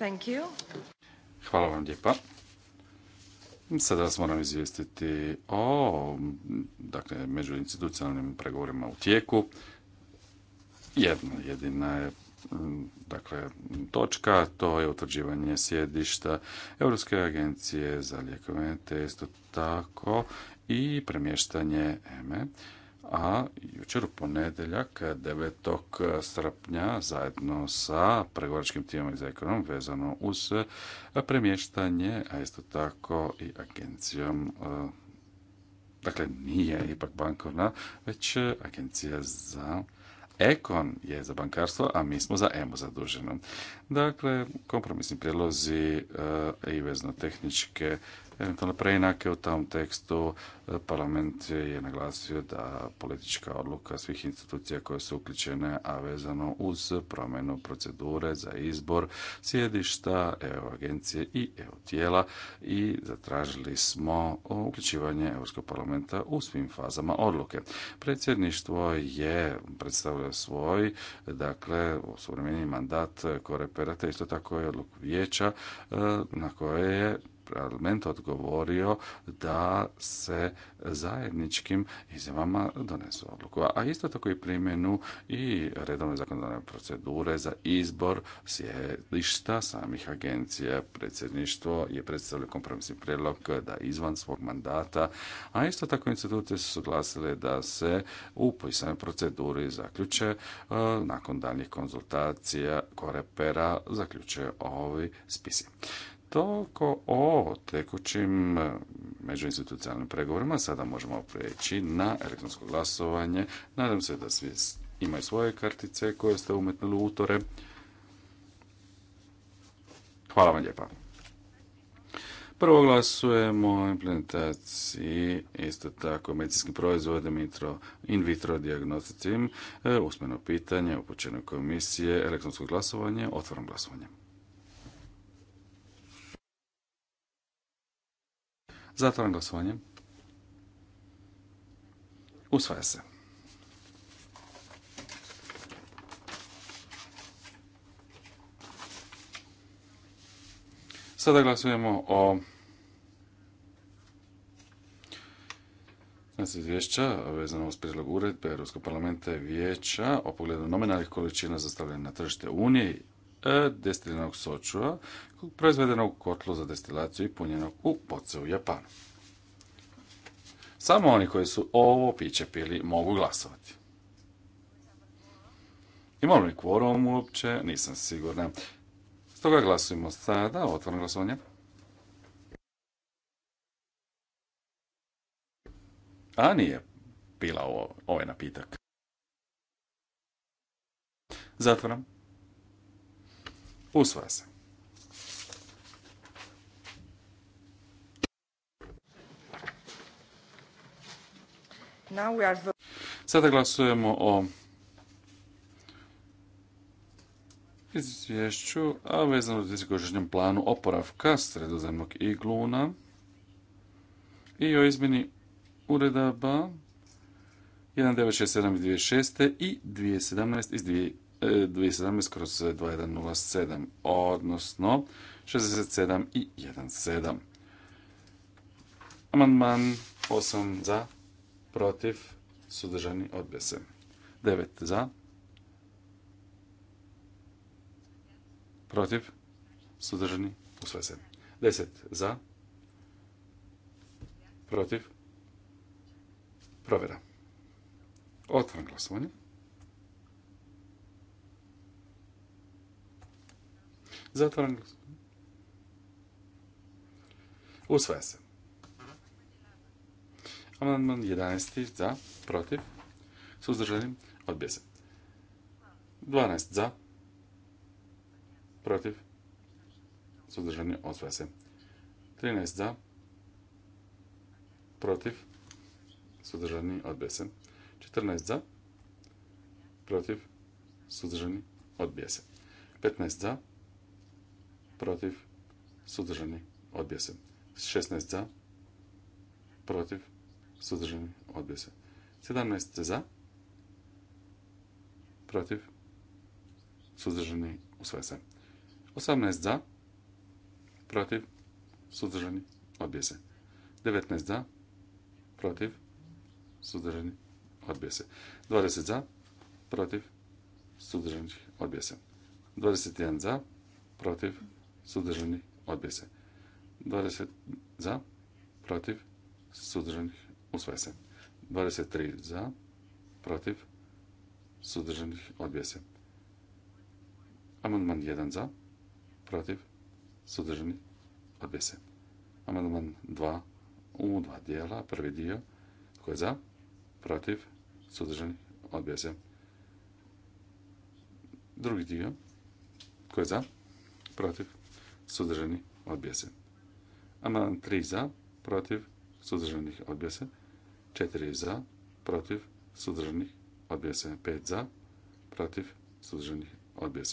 Thank Hvala vam lijepa. Sada vas moram izvijestiti o dakle, međuinstitucionalnim pregovorima u tijeku. Jedna jedina je dakle, točka, to je utvrđivanje sjedišta Europske agencije za lijekove, te isto tako i premještanje EME a jučer u ponedjeljak 9. srpnja zajedno sa pregovaračkim timom iz ekonom vezano uz premještanje, a isto tako i agencijom e, dakle nije ipak bankovna, već agencija za Ekon je za bankarstvo, a mi smo za EMO zaduženo. Dakle, kompromisni prijelozi e, i vezno tehničke eventualne preinake u tom tekstu. E, parlament je naglasio da politička odluka svih institucija koje su uključene, a vezano uz promjenu procedure za izbor sjedišta EU agencije i EU tijela i zatražili smo uključivanje Europskog parlamenta u svim fazama odluke. Predsjedništvo je predstavljao svoj, dakle, suvremeni mandat korepera, isto tako je odluku vijeća e, na koje je parlament odgovorio da se zajedničkim izjavama donesu odluku. A isto tako i primjenu i redovne zakonodavne procedure za izbor sjedišta samih agencija. Predsjedništvo je predstavilo kompromisni prijedlog da izvan svog mandata, a isto tako institucije su suglasile da se u pisanoj proceduri zaključe e, nakon daljnjih konzultacija korepera zaključe ovi spisi. Toliko o tekućim e, međuinstitucionalnim pregovorima. Sada možemo preći na elektronsko glasovanje. Nadam se da svi imaju svoje kartice koje ste umetnuli u utore. Hvala vam lijepa. Prvo glasujemo o implementaciji isto tako medicinskim proizvodima in vitro diagnosticim, e, usmeno pitanje upućeno komisije, elektronsko glasovanje, otvorom glasovanje. Zatvaram glasovanjem. Usvaja se. Sada glasujemo o izvješća vezano uz prijedlog uredbe Europskog parlamenta i vijeća o pogledu nominalnih količina za na tržište Unije E, destiljenog sočuva proizvedenog u kotlu za destilaciju i punjenog u poce u Japanu. Samo oni koji su ovo piće pili mogu glasovati. Imamo li kvorum uopće? Nisam sigurna. Stoga glasujemo sada. Otvorno glasovanje. A nije pila ovo, ovaj napitak. Zatvoram. Usvaja se. Sada glasujemo o izvješću, a vezano uz izgođenjem planu oporavka sredozemnog igluna i o izmjeni uredaba 1967 iz i 2017 iz 2017 e, kroz 2107, odnosno 67 i 17. Amandman 8 za, protiv, sudržani odbija 9 za, protiv, sudržani usvaja se. 10 za, protiv, provjera. Otvoren glasovanje. Zatvoren Usvaja se. Amandman 11. za, protiv, suzdržanim, odbija se. 12. za, protiv, suzdržani, osvaja se. 13. za, protiv, suzdržani, odbija se. 14. za, protiv, suzdržani, odbija se. 15. za, protiv, suzdržani, odbija se. 16 za, protiv, suzdržani, odbija se. 17 za, protiv, suzdržani, usvaja se. 18 za, protiv, suzdržani, odbija se. 19 za, protiv, suzdržani, odbija se. 20 za, protiv, suzdržanih, odbija se. 21 za, protiv, suzdržani, odbjese. se. 20 za, protiv, suzdržanih, usvese. se. 23 za, protiv, suzdržanih, odbjese. se. Amandman 1 za, protiv, suzdržani, odbjese. se. Amandman 2 u dva dijela, prvi dio, koji je za, protiv, suzdržani, odbjese. Drugi dio, koji je za, protiv, suzdržani, odbija se. 3 za, protiv, sudržanih odbija 4 za, protiv, sudržanih odbija 5 za, protiv, sudržanih odbija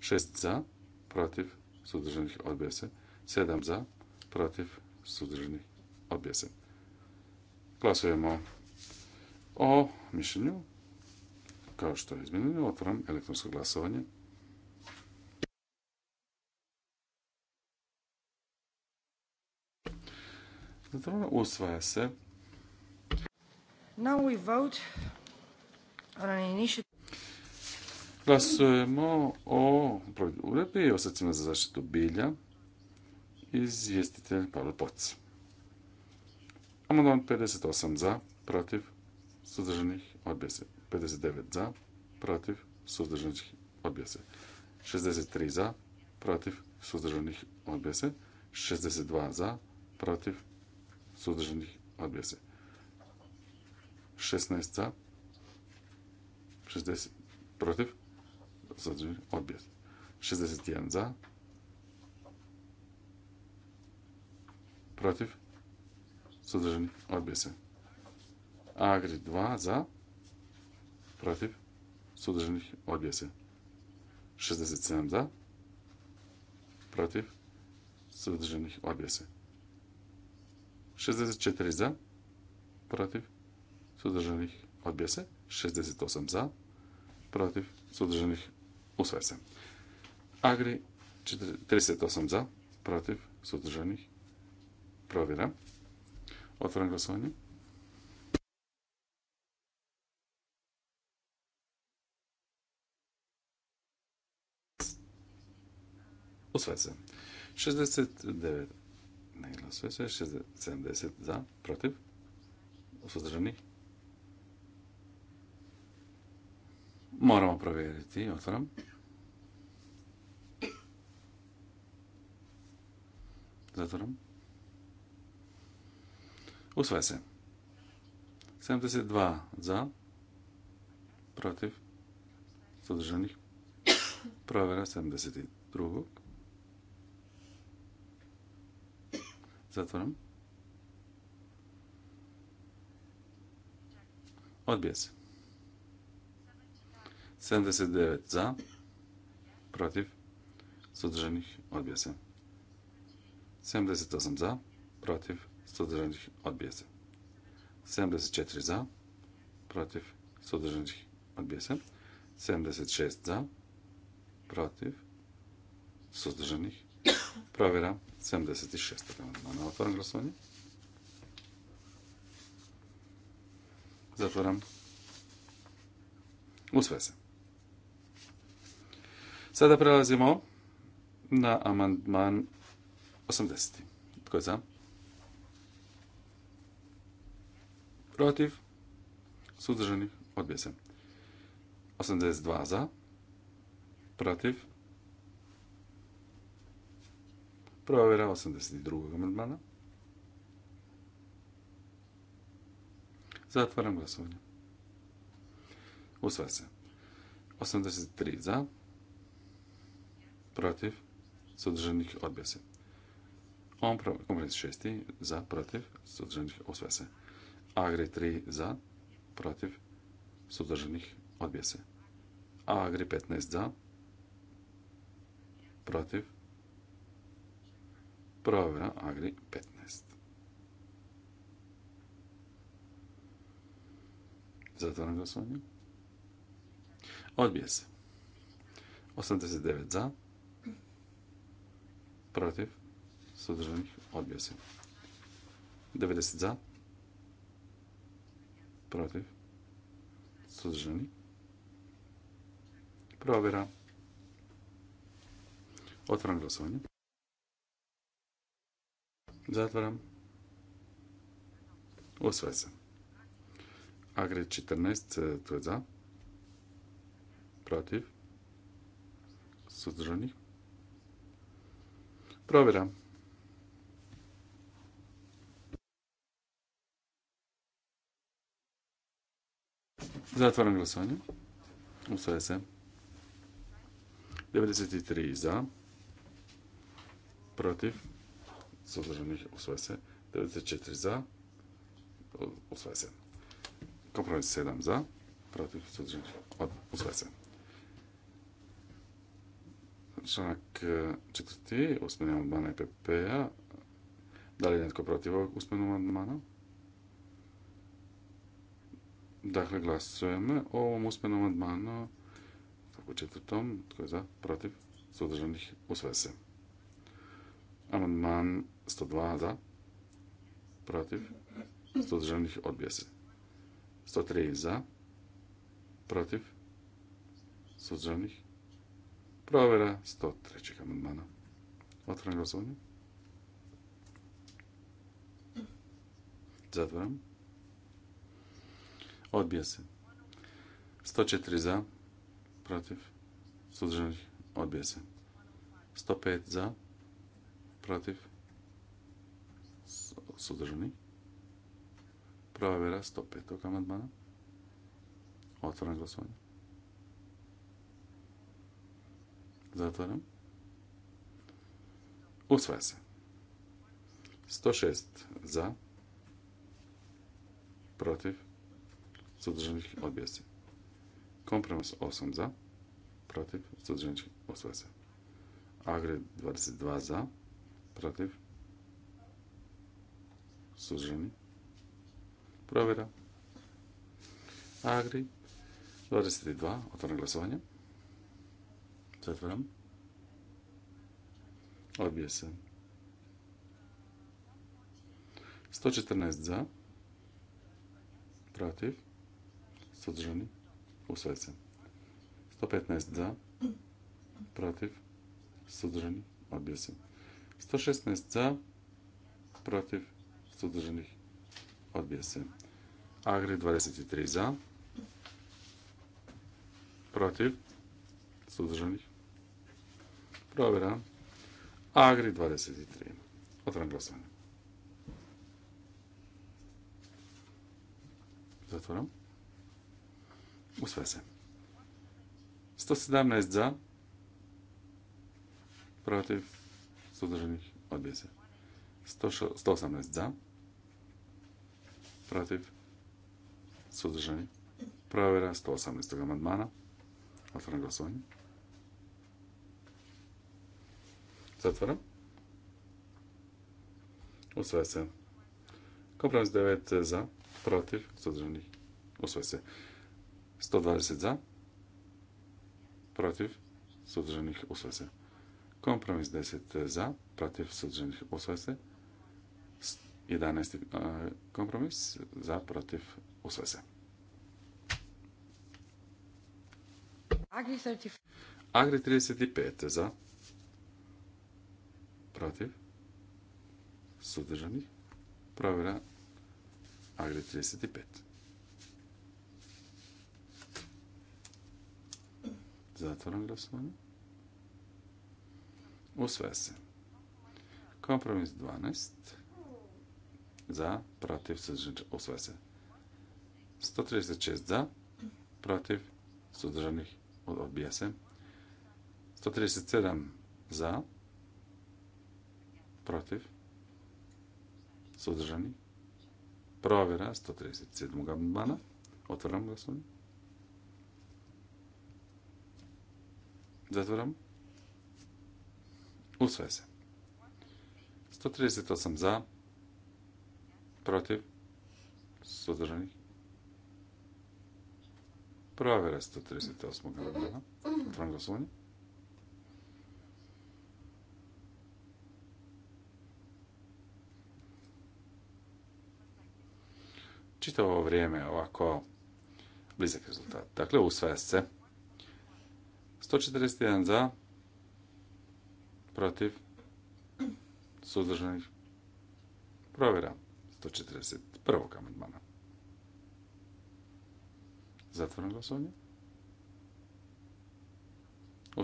6 za, protiv, sudržanih odbija 7 za, protiv, sudržanih odbija se. Glasujemo o mišljenju. Kao što je izmjenjeno, otvoram elektronsko glasovanje. Zatvoreno. Usvaja se. Now we vote on an initiative. Glasujemo o provedbi uredbe i za zaštitu bilja. Izvjestitelj Pavle Poc. Amandman 58 za, protiv, suzdržanih, odbija 59 za, protiv, suzdržanih, odbija 63 za, protiv, suzdržanih, odbija 62 za, protiv, suzdržanih odbija 16 za, 60 protiv, suzdržanih odbija 61 za, protiv, suzdržanih odbija se. Agri 2 za, protiv, suzdržanih odbija se. 67 za, protiv, suzdržanih odbija 64 za, protiv, sudržanih odbija se. 68 za, protiv, sudržanih. usvaja se. Agri 38 za, protiv, sudržanih. provjera. Otvoram glasovanje. Usvaja se. 69 ne glasuje se. 70 za. Protiv. Suzdržani. Moramo provjeriti. Otvoram. Zatvoram. Usvaja se. 72 za. Protiv. Suzdržanih. Provjera 72. zatvorom. Odbija se. 79 za, protiv, sudržanih, odbija se. 78 za, protiv, sudržanih, odbija se. 74 za, protiv, sudržanih, odbija se. 76 za, protiv, sudržanih, Provjera 76. amandmana. Otvaram glasovanje. Zatvaram. Usve se. Sada prelazimo na amandman 80. Tko je za? Protiv? sudržanih Odbije se. 82 za. Protiv? Provera 82. amandmana. Zatvaram glasovanje. Usvaja se. 83 za. Protiv. Sudržanih odbija se. On 6 za. Protiv. Sudržanih usvaja se. Agri 3 za. Protiv. Sudržanih odbija se. Agri 15 za. Protiv provjera Agri 15. Zatvoram glasovanje. Odbije se. 89 za. Protiv. Sudržanih. Odbije se. 90 za. Protiv. Sudržani. Provjera. Otvoram glasovanje. Zatvaram. Osvoje se. Agri 14, e, to je za. Protiv. Suzdržanih. Provjeram. Zatvaram glasovanje. Usvaja se. 93 za. Protiv suzdržanih usvaja se. 94 za, usvaja se. Kompromis 7 za, protiv suzdržanih se. Članak eh, četvrti, usmeni amandmana EPP-a. Da li je netko protiv ovog usmenog amandmana? Dakle, glasujemo o ovom usmenom amandmanu. u četvrtom, tko je za, protiv, suzdržanih, usvese. se. Amandman 102 za, protiv, suzdržanih odbija se. 103 za, protiv, suzdržanih. Provjera 103. amandmana. Otvaram glasovanje. Zatvaram. Odbija se. 104 za, protiv, suzdržanih, odbija 105 za, protiv, suzdržani. vera 105. amandmana. Otvaram glasovanje. Zatvaram. Usvaja se. 106 za, protiv, sudržanih odbija se. Kompromis 8 za, protiv, sudržanih osvaja se. Agri 22 za, protiv, suženi. Provjera. Agri. 22. Otvoreno glasovanje. Zatvoram. Odbije se. 114 za. Protiv. Suzdržani. U se. 115 za. Protiv. Suzdržani. Odbije se. 116 za. Protiv. Sudržanih odbija se. Agri 23 za. Protiv. Sudržanih. Provera. Agri 23. Otvaram glasovanje. Zatvoram. Usve se. 117 za. Protiv. Sudržanih odbija se. 118 za protiv, suzdržani, provjera 118. amandmana, otvoram glasovanje. Zatvaram. Usvaja se. Kompromis 9 za, protiv, suzdržanih. Usvaja se. 120 za, protiv, suzdržanih. Usvaja se. Kompromis 10 za, protiv, suzdržanih. Usvaja se. 11. E, kompromis za protiv usve Agri 35 za protiv sudržanih provjera Agri 35. Zatvoram glasovanje. Usve se. Kompromis 12 za, protiv, suzdržani, usvaja se. 136 za, protiv, suzdržanih, odbija se. 137 za, protiv, suzdržani, provjera 137. amandmana. Otvaram glasovanje. Zatvaram. Usvaja se. 138 za, Protiv? suzdržanih Provjera 138. godina Otvaram glasovanje. Čitavo ovo vrijeme ovako blizak rezultat. Dakle, u svesce 141 za, protiv, suzdržanih. Provjera. 141. amandmana. Zatvoreno glasovanje. U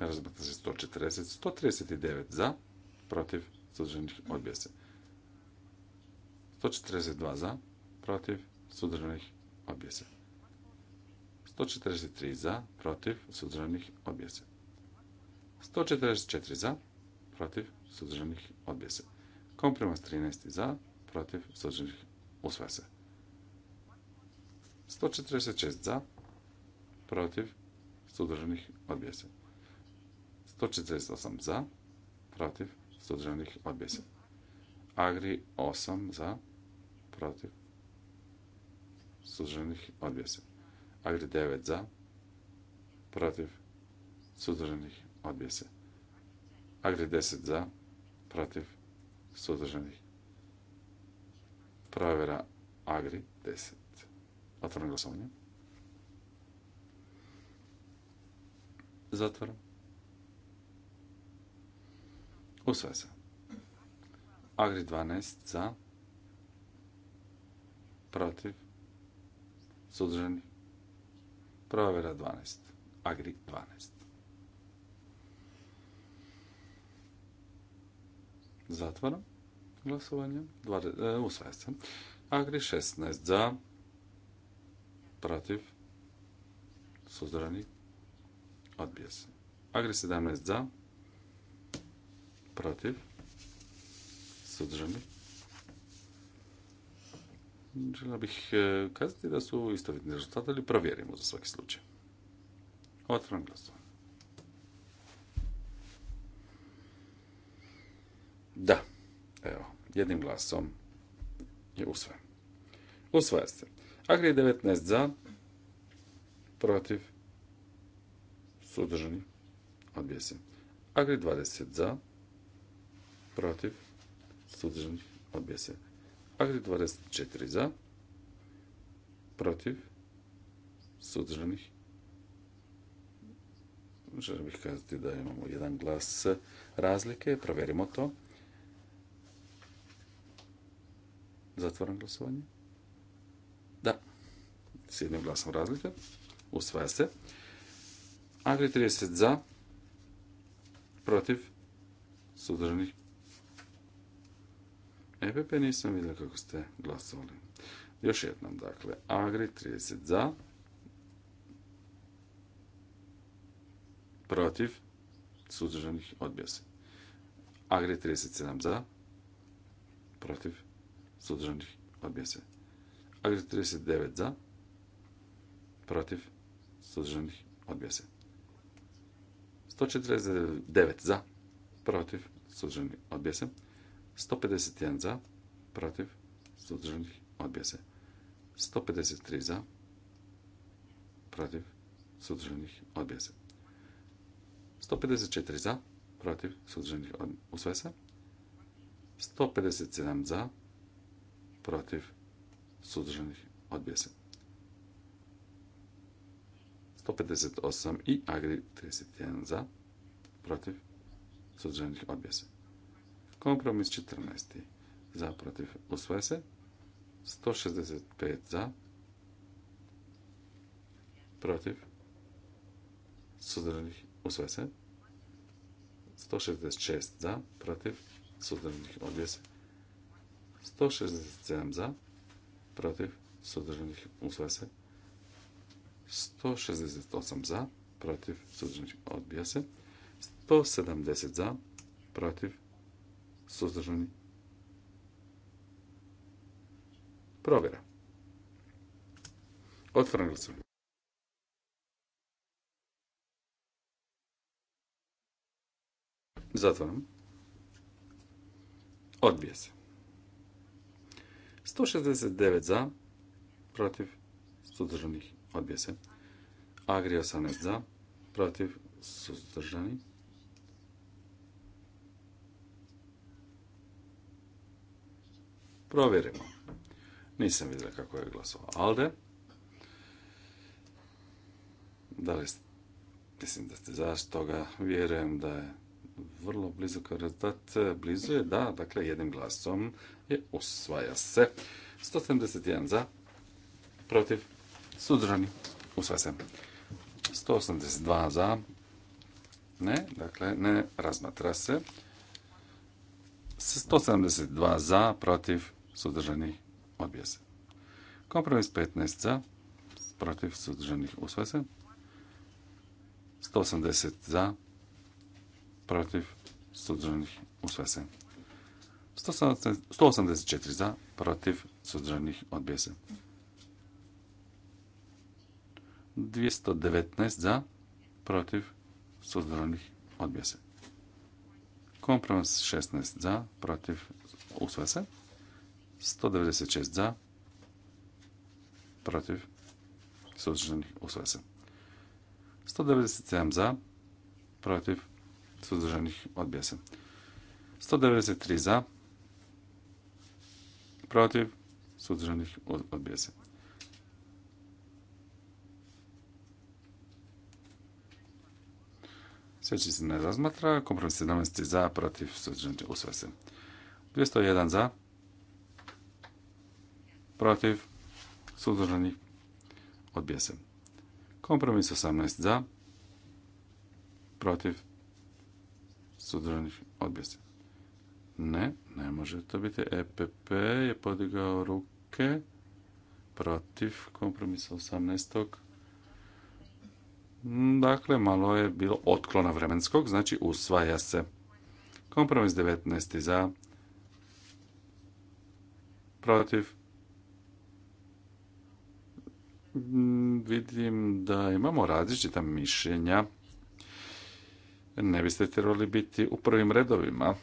Ne Razmata se 140, 139 za, protiv, sudržanih odbija 142 za, protiv, sudržanih odbija 143 za, protiv, sudržanih odbija 144 za, protiv suzdržanih odbije se. Kompromis 13 za, protiv suzdržanih usvaja se. 146 za, protiv suzdržanih odbije se. 148 za, protiv suzdržanih odbije se. Agri 8 za, protiv suzdržanih odbije se. Agri 9 za, protiv suzdržanih odbije se. Agri 10 za, protiv, suzdržanih. Provjera Agri 10. Otvaram glasovanje. Zatvaram. Usvaja se. Agri 12 za, protiv, suzdržani. Provjera 12. Agri 12. Zatvaram glasovanje. E, usvaja se. Agri 16 za. Protiv. Suzdržani. Odbija se. Agri 17 za. Protiv. Suzdržani. Želio bih e, kazati da su istovitni rezultati, ali provjerimo za svaki slučaj. Otvaram glasovanje. Da, evo, jednim glasom je usvojen. Usvaja se. Agri 19 za, protiv, sudržani, odbije se. Agri 20 za, protiv, sudržani, odbije se. Agri 24 za, protiv, sudržanih. Želim bih kazati da imamo jedan glas razlike, provjerimo to. Zatvoram glasovanje. Da. S jednim glasom razlika. Usvaja se. Agri 30 za. Protiv. Sudržanih. EPP nisam vidio kako ste glasovali. Još jednom, dakle, Agri 30 za. Protiv. Sudržanih odbija se. Agri 37 za. Protiv suzdržanih odbija se. 39 za, protiv, suzdržanih odbija 149 za, protiv, suzdržanih odbija 151 za, protiv, sudržanih odbija 153 za, protiv, suzdržanih odbija se. 154 za, protiv, suzdržanih usvaja se. 157 za, protiv, sudržanih odbjese. 158 i Agri 31 za, protiv, suzdržanih, odbija Kompromis 14. za, protiv, usvoje se. 165 za, protiv, Sudržanih usvoje 166 za, protiv, sudržanih odbija 167 za, protiv, suzdržanih, usvaja se. 168 za, protiv, suzdržanih, odbija se. 170 za, protiv, sudržanih Provjera. Otvoren glasovanje. Zatvaram. Odbija se. 169 za, protiv, suzdržanih, odbije se. Agri 18 za, protiv, suzdržanih. Provjerimo. Nisam vidjela kako je glasovao Alde. Da li, mislim da ste za stoga, vjerujem da je vrlo blizu kao rezultat. Blizu je, da, dakle, jednim glasom je usvaja se. 171 za, protiv, sudržani, usvaja se. 182 za, ne, dakle ne razmatra se. 172 za, protiv, sudržani, odbija se. Kompromis 15 za, protiv, suzdržanih, usvaja se. 180 za, protiv, sudržani, usvaja se. 184 za, protiv, suzdržanih, odbjese. 219 za, protiv, suzdržanih, odbjese. Kompromis 16 za, protiv, usvaja 196 za, protiv, suzdržanih, usvaja 197 za, protiv, suzdržanih, odbjese. 193 za, protiv, suzdržanih, odbija se. se ne razmatra. Kompromis 17 za, protiv, suzdržanih, usvaja 201 za, protiv, suzdržanih, odbija Kompromis 18 za, protiv, suzdržanih, odbija Ne. Ne može to biti. EPP je podigao ruke protiv kompromisa 18. Dakle, malo je bilo otklona vremenskog, znači usvaja se. Kompromis 19. za, protiv. Mm, vidim da imamo različita mišljenja. Ne biste trebali biti u prvim redovima.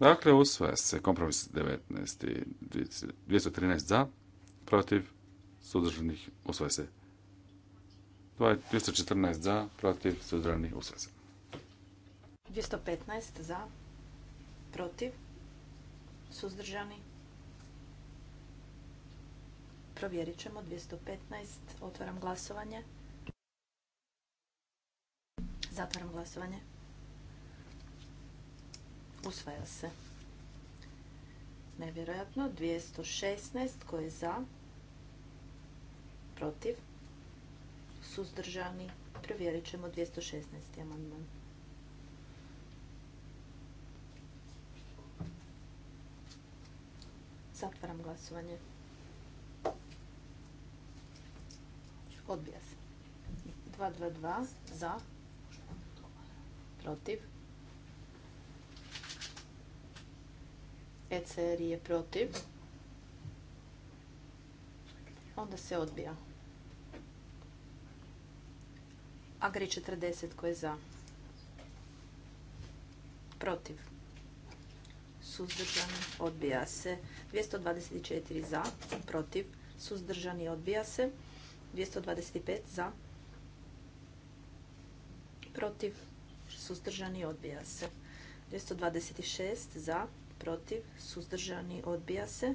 Dakle, usvaja se kompromis 19 213 za, protiv, suzdržanih, usvaja se. 214 za, protiv, suzdržanih, usvaja se. 215 za, protiv, suzdržani. Provjerit ćemo 215, otvaram glasovanje. Zatvaram glasovanje usvaja se. Nevjerojatno, 216 koje je za, protiv, suzdržani, provjerit ćemo 216. amandman. Zatvaram glasovanje. Odbija se. 222 za, protiv, ECR je protiv. Onda se odbija. Agri 40 koje je za. Protiv. Suzdržani odbija se. 224 za. Protiv. Suzdržani odbija se. 225 za. Protiv. Suzdržani odbija se. 226 za protiv, suzdržani, odbija se.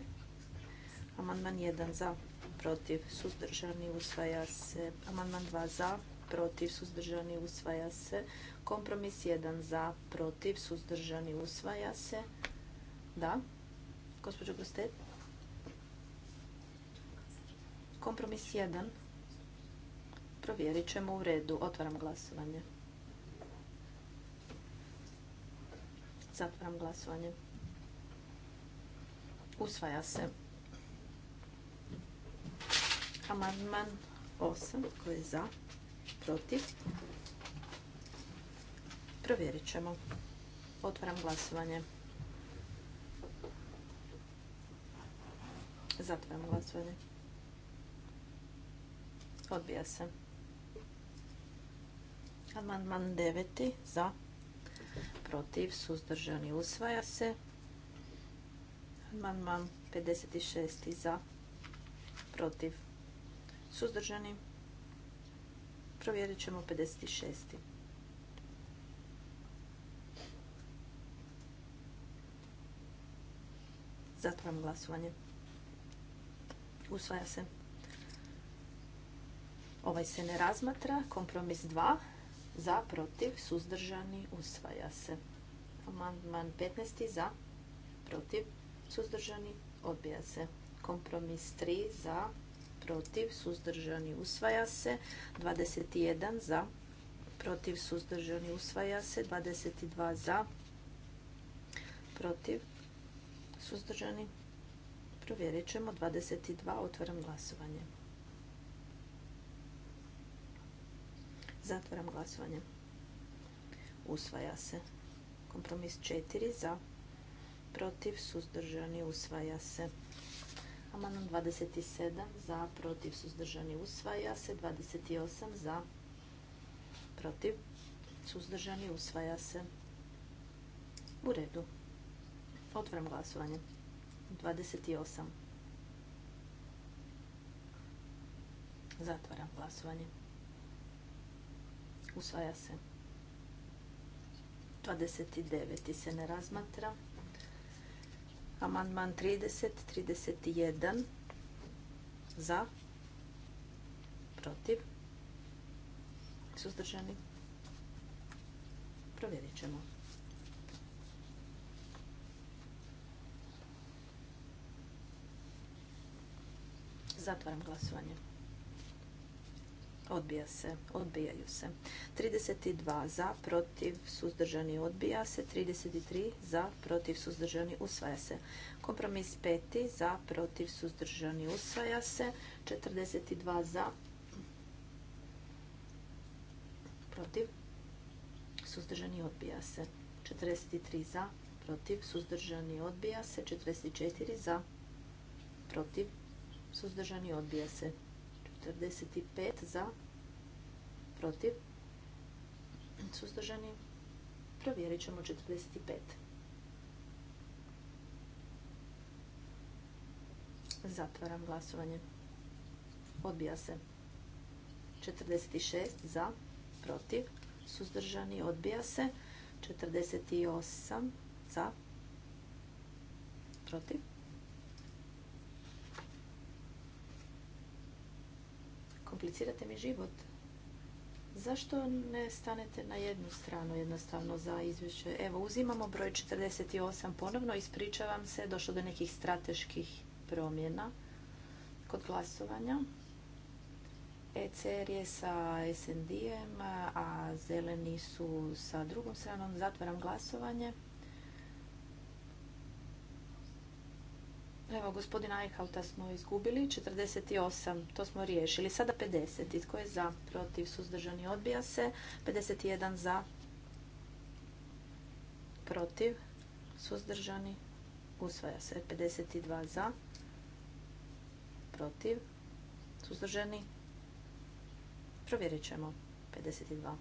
Amandman 1 za, protiv, suzdržani, usvaja se. Amandman 2 za, protiv, suzdržani, usvaja se. Kompromis 1 za, protiv, suzdržani, usvaja se. Da. Gospođo Gostet. Kompromis 1. Provjerit ćemo u redu. Otvaram glasovanje. Zatvaram glasovanje. Usvaja se. Amandman 8 koji je za, protiv. Provjerit ćemo. Otvaram glasovanje. Zatvaram glasovanje. Odbija se. Amandman 9. Za. Protiv. Suzdržani. Usvaja se. Amandman 56. za, protiv, suzdržani. Provjerit ćemo 56. Zatvaram glasovanje. Usvaja se. Ovaj se ne razmatra. Kompromis 2. Za, protiv, suzdržani. Usvaja se. Amandman 15. Za, protiv, suzdržani, odbija se. Kompromis 3 za, protiv, suzdržani, usvaja se. 21 za, protiv, suzdržani, usvaja se. 22 za, protiv, suzdržani, provjerit ćemo. 22, otvaram glasovanje. Zatvaram glasovanje. Usvaja se. Kompromis 4 za, protiv, suzdržani, usvaja se. Amanom 27 za, protiv, suzdržani, usvaja se. 28 za, protiv, suzdržani, usvaja se. U redu. Otvaram glasovanje. 28. Zatvaram glasovanje. Usvaja se. 29. se ne razmatra. Amandman 30, 31 za, protiv, suzdržani. Provjerit ćemo. Zatvaram glasovanje odbija se, odbijaju se. 32 za, protiv, suzdržani, odbija se. 33 za, protiv, suzdržani, usvaja se. Kompromis 5 za, protiv, suzdržani, usvaja se. 42 za, protiv, suzdržani, odbija se. 43 za, protiv, suzdržani, odbija se. 44 za, protiv, suzdržani, odbija se. 45 za, protiv, suzdržani, provjerit ćemo 45. Zatvaram glasovanje. Odbija se. 46 za, protiv, suzdržani, odbija se. 48 za, protiv. Komplicirate mi život. Zašto ne stanete na jednu stranu jednostavno za izvješće? Evo, uzimamo broj 48 ponovno, ispričavam se, došlo do nekih strateških promjena kod glasovanja. ECR je sa SND-em, a zeleni su sa drugom stranom. Zatvaram glasovanje. Evo, gospodina Eichauta smo izgubili, 48, to smo riješili. Sada 50, tko je za, protiv, suzdržani, odbija se. 51 za, protiv, suzdržani, usvaja se. 52 za, protiv, suzdržani, provjerit ćemo. 52.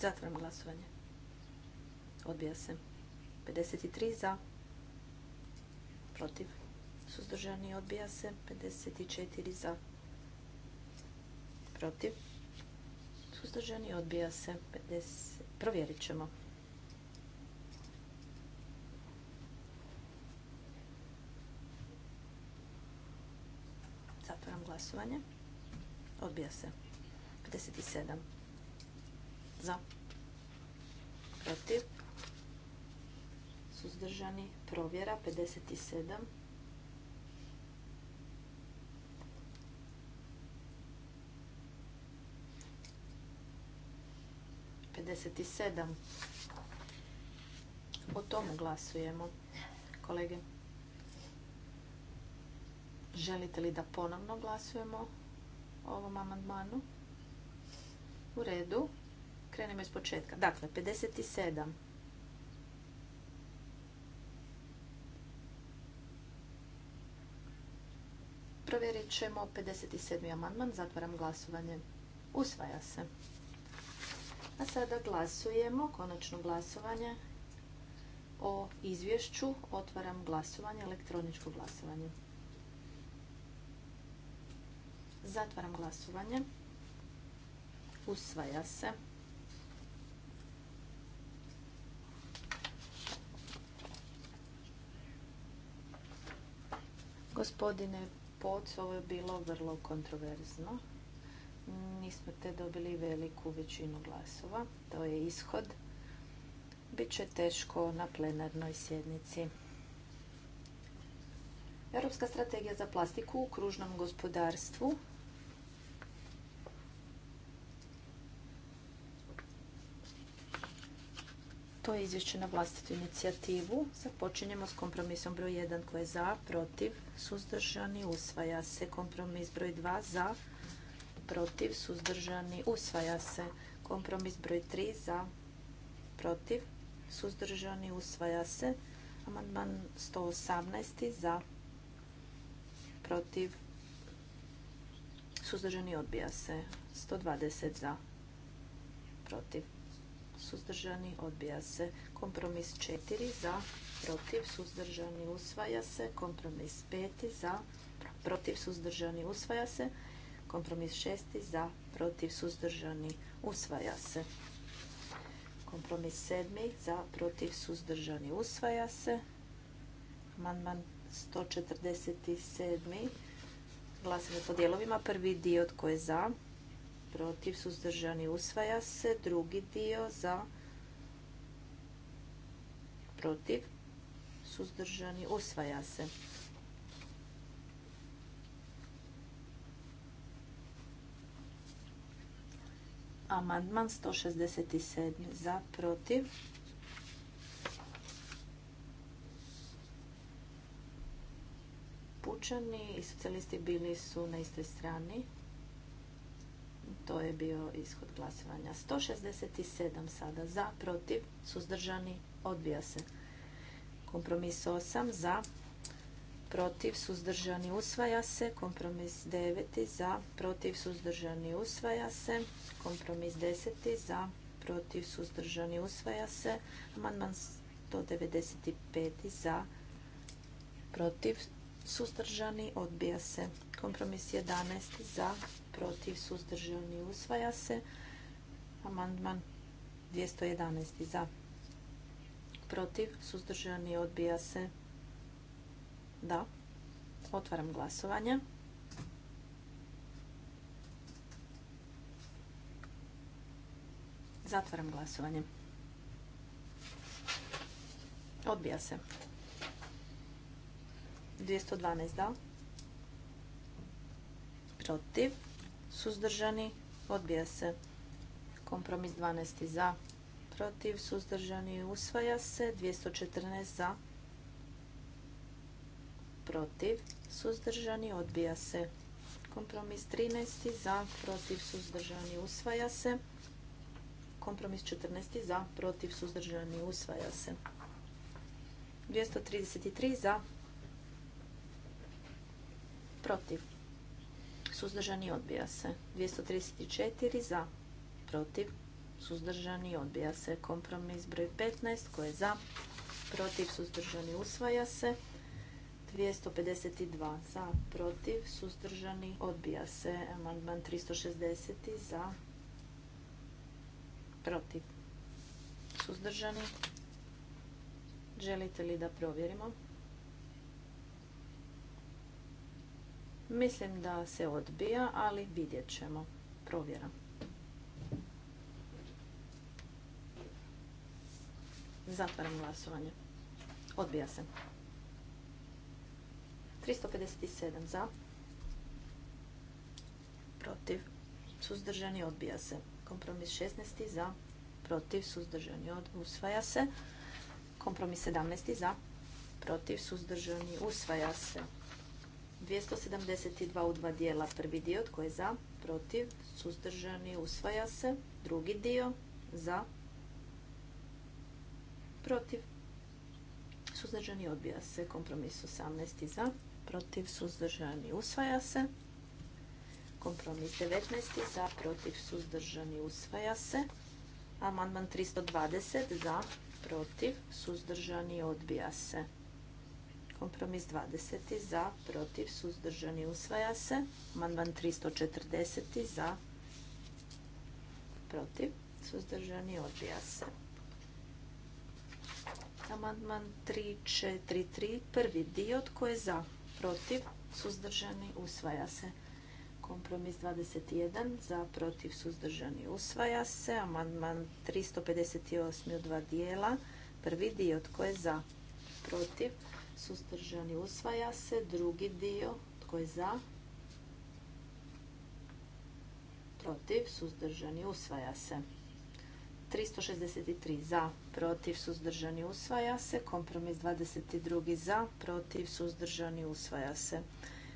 Zatvorimo glasovanje odbija se. 53 za, protiv, suzdržani, odbija se. 54 za, protiv, suzdržani, odbija se. Provjerit ćemo. Zatvoram glasovanje. Odbija se. 57 za, protiv, suzdržani, provjera 57. 57. O tomu glasujemo, kolege. Želite li da ponovno glasujemo o ovom amandmanu? U redu. Krenimo iz početka. Dakle, 57. Provjerit ćemo 57. amandman. Zatvaram glasovanje. Usvaja se. A sada glasujemo, konačno glasovanje o izvješću. Otvaram glasovanje, elektroničko glasovanje. Zatvaram glasovanje. Usvaja se. Gospodine POC, ovo je bilo vrlo kontroverzno. Nismo te dobili veliku većinu glasova, to je ishod. Biće teško na plenarnoj sjednici. Europska strategija za plastiku u kružnom gospodarstvu To je izvješće na vlastitu inicijativu. Započinjemo s kompromisom broj 1 koji je za, protiv, suzdržani, usvaja se. Kompromis broj 2 za, protiv, suzdržani, usvaja se. Kompromis broj 3 za, protiv, suzdržani, usvaja se. Amandman 118 za, protiv, suzdržani, odbija se. 120 za, protiv suzdržani, odbija se. Kompromis 4 za, protiv, suzdržani, usvaja se. Kompromis 5 za, protiv, suzdržani, usvaja se. Kompromis 6 za, protiv, suzdržani, usvaja se. Kompromis 7 za, protiv, suzdržani, usvaja se. Amandman 147. Glasanje po dijelovima. Prvi dio tko je za, protiv, suzdržani, usvaja se. Drugi dio za, protiv, suzdržani, usvaja se. Amandman 167 za, protiv, pučani i socijalisti bili su na istoj strani. To je bio ishod glasovanja. 167 sada za, protiv, suzdržani, odbija se. Kompromis 8 za, protiv, suzdržani, usvaja se. Kompromis 9 za, protiv, suzdržani, usvaja se. Kompromis 10 za, protiv, suzdržani, usvaja se. Amandman 195 za, protiv, suzdržani, odbija se. Kompromis 11 za, protiv, suzdržani, usvaja se. Amandman 211. za, protiv, suzdržani, odbija se. Da. Otvaram glasovanje. Zatvaram glasovanje. Odbija se. 212 da. Protiv suzdržani, odbija se. Kompromis 12 za, protiv, suzdržani, usvaja se. 214 za, protiv, suzdržani, odbija se. Kompromis 13 za, protiv, suzdržani, usvaja se. Kompromis 14 za, protiv, suzdržani, usvaja se. 233 za, protiv, suzdržani, odbija se. 234 za, protiv, suzdržani, odbija se. Kompromis broj 15 koji je za, protiv, suzdržani, usvaja se. 252 za, protiv, suzdržani, odbija se. Amandman 360 za, protiv, suzdržani. Želite li da provjerimo? Mislim da se odbija, ali vidjet ćemo. Provjera. Zatvaram glasovanje. Odbija se. 357 za. Protiv. Suzdržani odbija se. Kompromis 16 za. Protiv. Suzdržani usvaja se. Kompromis 17 za. Protiv. Suzdržani usvaja se. 272 u dva dijela. Prvi dio tko je za, protiv, suzdržani, usvaja se. Drugi dio za, protiv, suzdržani, odbija se. Kompromis 18 za, protiv, suzdržani, usvaja se. Kompromis 19 za, protiv, suzdržani, usvaja se. Amandman 320 za, protiv, suzdržani, odbija se. Kompromis 20. za, protiv, suzdržani, usvaja se. Amandman 340. za, protiv, suzdržani, odbija se. Amandman 343. Prvi dio tko je za, protiv, suzdržani, usvaja se. Kompromis 21. Za, protiv, suzdržani, usvaja se. Amandman 358. Od dva dijela. Prvi dio tko je za, protiv, suzdržani usvaja se. Drugi dio, tko je za? Protiv, suzdržani usvaja se. 363 za, protiv, suzdržani usvaja se. Kompromis 22 za, protiv, suzdržani usvaja se.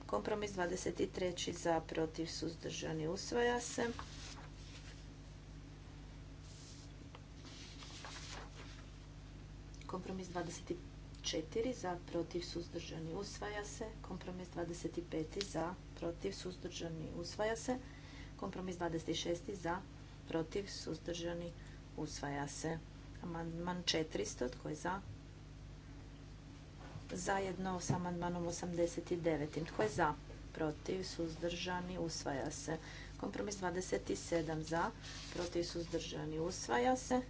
Kompromis 23 za, protiv, suzdržani usvaja se. Kompromis 25 4 za, protiv, suzdržani, usvaja se. Kompromis 25 za, protiv, suzdržani, usvaja se. Kompromis 26 za, protiv, suzdržani, usvaja se. Amandman 400, tko je za? Zajedno s amandmanom 89. Tko je za? Protiv, suzdržani, usvaja se. Kompromis 27 za, protiv, suzdržani, usvaja se.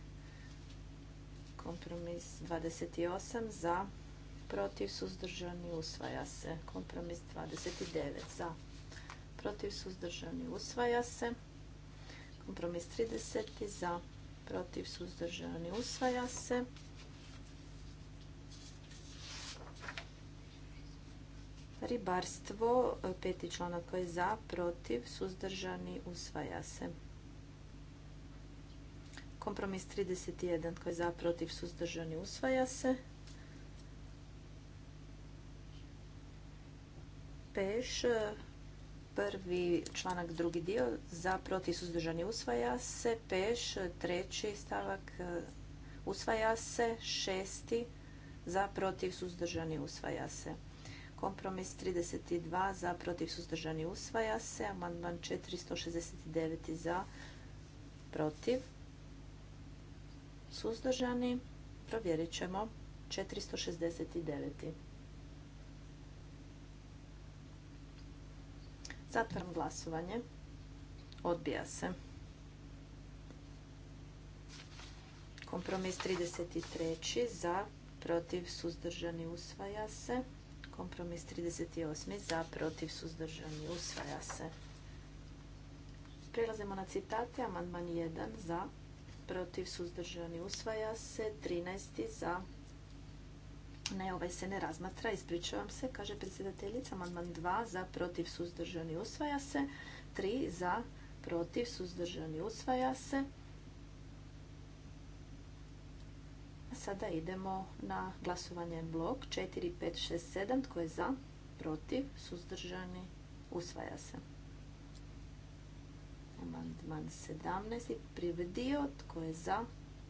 Kompromis 28 za, protiv suzdržani usvaja se. Kompromis 29 za, protiv suzdržani usvaja se. Kompromis 30 za, protiv suzdržani usvaja se. Ribarstvo, peti članak koji je za, protiv, suzdržani, usvaja se. Kompromis 31 koji je za, protiv, suzdržani, usvaja se. Peš, prvi članak, drugi dio, za, protiv, suzdržani, usvaja se. Peš, treći stavak, usvaja se. Šesti, za, protiv, suzdržani, usvaja se. Kompromis 32 za, protiv suzdržani usvaja se. Amandman 469 za, protiv suzdržani, provjerit ćemo 469. Zatvaram glasovanje. Odbija se. Kompromis 33. Za, protiv, suzdržani, usvaja se. Kompromis 38. Za, protiv, suzdržani, usvaja se. Prelazimo na citate. Amandman 1. Za, protiv, suzdržani, usvaja se. 13. za, ne, ovaj se ne razmatra, ispričavam se, kaže predsjedateljica. Amandman 2 za, protiv, suzdržani, usvaja se. 3 za, protiv, suzdržani, usvaja se. Sada idemo na glasovanje blok 4, 5, 6, 7. Tko je za, protiv, suzdržani, usvaja se. Amandman 17. Prvi dio. Tko je za?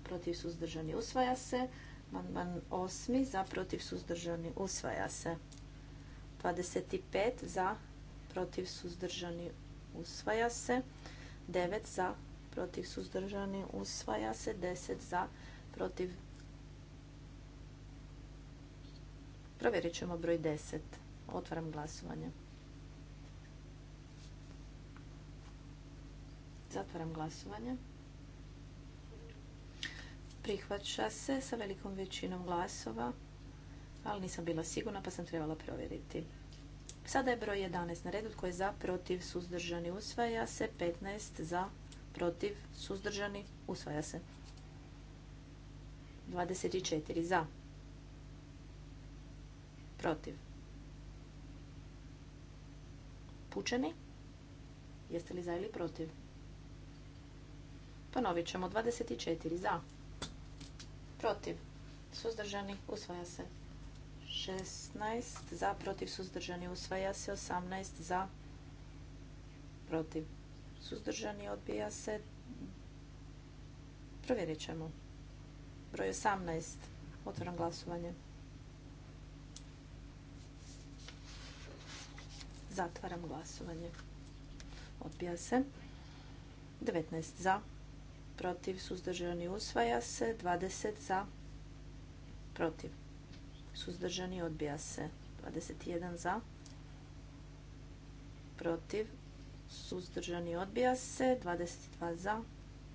Protiv suzdržani usvaja se. Amandman 8. Za protiv suzdržani usvaja se. 25. Za protiv suzdržani usvaja se. 9. Za protiv suzdržani usvaja se. 10. Za protiv Provjerit ćemo broj 10. Otvaram glasovanje. Zatvaram glasovanje. Prihvaća se sa velikom većinom glasova, ali nisam bila sigurna pa sam trebala provjeriti. Sada je broj 11 na redu, tko je za, protiv, suzdržani, usvaja se. 15 za, protiv, suzdržani, usvaja se. 24 za, protiv. pučeni. jeste li za ili protiv? Ponovit ćemo 24 za. Protiv. Suzdržani. Usvaja se. 16 za. Protiv. Suzdržani. Usvaja se. 18 za. Protiv. Suzdržani. Odbija se. Provjerit ćemo. Broj 18. Otvoram glasovanje. Zatvaram glasovanje. Odbija se. 19 za protiv, suzdržani, usvaja se. 20 za, protiv, suzdržani, odbija se. 21 za, protiv, suzdržani, odbija se. 22 za,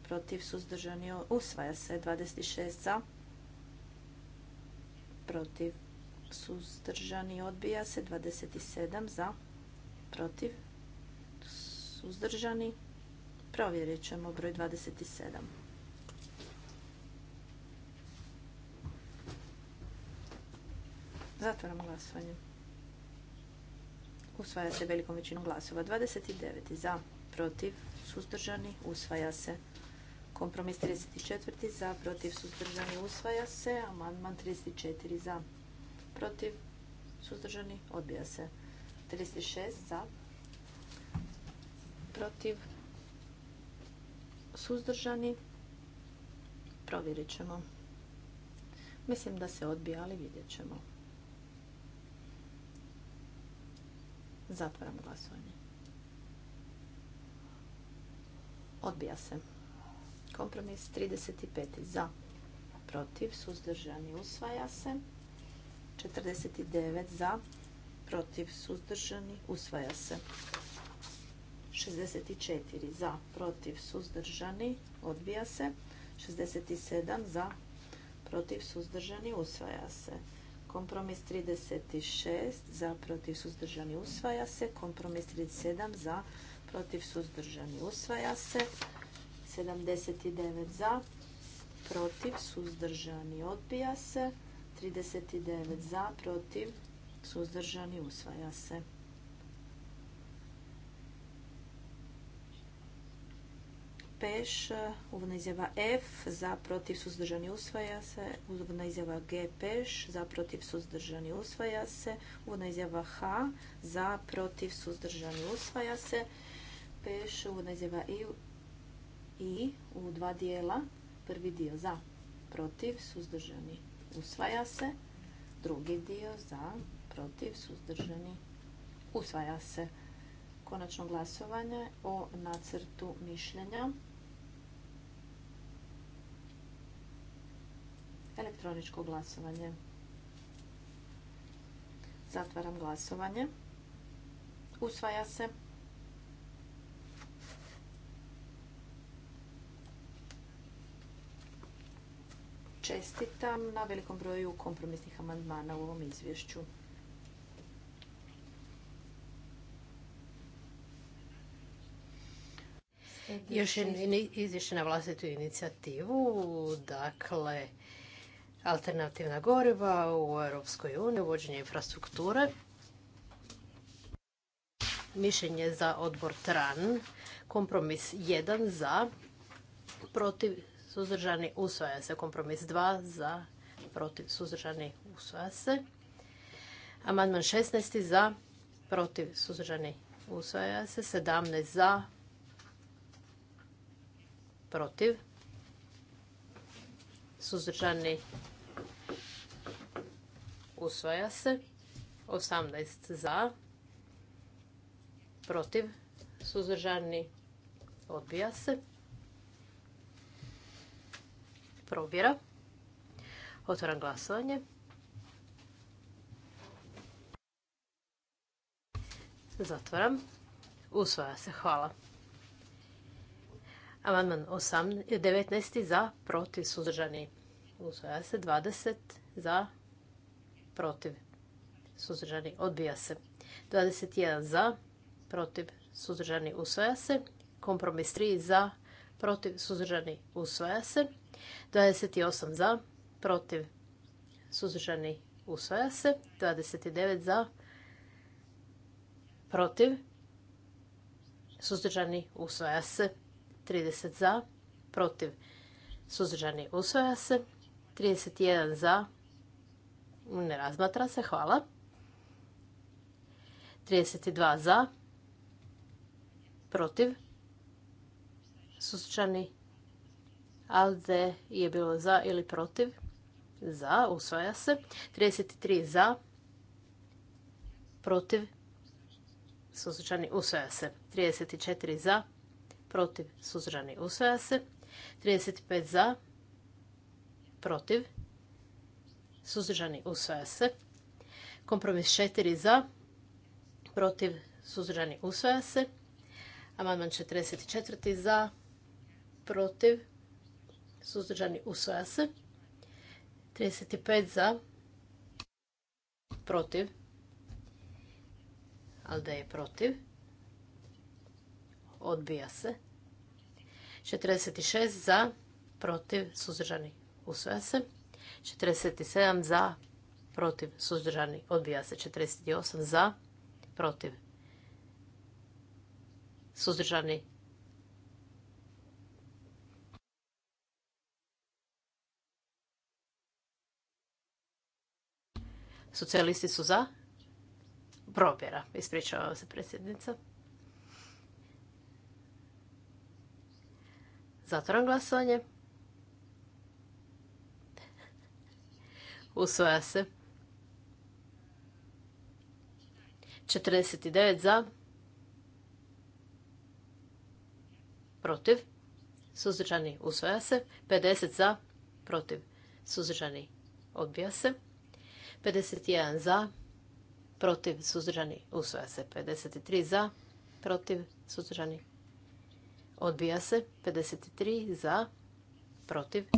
protiv, suzdržani, usvaja se. 26 za, protiv, suzdržani, odbija se. 27 za, protiv, suzdržani, Provjerit ćemo broj 27. Zatvaram glasovanje. Usvaja se velikom većinom glasova. 29. za, protiv, suzdržani, usvaja se. Kompromis 34. za, protiv, suzdržani, usvaja se. Amandman 34. za, protiv, suzdržani, odbija se. 36. za, protiv, suzdržani, provjerit ćemo. Mislim da se odbija, ali vidjet ćemo. Zatvaram glasovanje. Odbija se. Kompromis 35. Za. Protiv. Suzdržani. Usvaja se. 49. Za. Protiv. Suzdržani. Usvaja se. 64 za, protiv, suzdržani, odbija se. 67 za, protiv, suzdržani, usvaja se. Kompromis 36 za, protiv, suzdržani, usvaja se. Kompromis 37 za, protiv, suzdržani, usvaja se. 79 za, protiv, suzdržani, odbija se. 39 za, protiv, suzdržani, usvaja se. peš, uvodna izjava F, za protiv suzdržani usvaja se, uvodna izjava G peš, za protiv suzdržani usvaja se, uvodna izjava H, za protiv suzdržani usvaja se, peš, uvodna izjava I, I u dva dijela, prvi dio za protiv suzdržani usvaja se, drugi dio za protiv suzdržani usvaja se konačno glasovanje o nacrtu mišljenja Elektroničko glasovanje. Zatvaram glasovanje. Usvaja se. Čestitam na velikom broju kompromisnih amandmana u ovom izvješću. Još je izvješće na vlastitu inicijativu. Dakle, alternativna goriva u Europskoj uniji, uvođenje infrastrukture. Mišljenje za odbor TRAN, kompromis 1 za, protiv suzdržani usvaja se, kompromis 2 za, protiv suzdržani usvaja se. Amandman 16 za, protiv suzdržani usvaja se, 17 za, protiv suzdržani usvaja se. 18 za, protiv, suzdržani, odbija se. probira, Otvaram glasovanje. Zatvaram. Usvaja se. Hvala. Amandman 19 za, protiv, suzdržani. Usvaja se. 20 za, protiv, suzdržani, odbija se. 21 za, protiv, suzdržani, usvaja se. Kompromis 3 za, protiv, suzdržani, usvaja se. 28 za, protiv, suzdržani, usvaja se. 29 za, protiv, suzdržani, usvaja se. 30 za, protiv, suzdržani, usvaja se. 31 za, ne razmatra se, hvala. 32 za. Protiv. Susčani. Alde je bilo za ili protiv. Za, usvaja se. 33 za. Protiv. Susčani usvaja se. 34 za. Protiv. Susčani usvaja se. 35 za. Protiv suzdržani, usvaja se. Kompromis 4 za, protiv, suzdržani, usvaja se. Amandman 44 za, protiv, suzdržani, usvaja se. 35 za, protiv, ali da je protiv, odbija se. 46 za, protiv, suzdržani, usvaja se. 47 za, protiv, suzdržani, odbija se. 48 za, protiv, suzdržani, Socijalisti su za? Provjera, ispričava se predsjednica. Zatvoram glasovanje. Usvaja se. 49 za. Protiv. Suzdržani usvaja se. 50 za. Protiv. Suzdržani odbija se. 51 za. Protiv. Suzdržani usvaja se. 53 za. Protiv. Suzdržani odbija se. 53 za. Protiv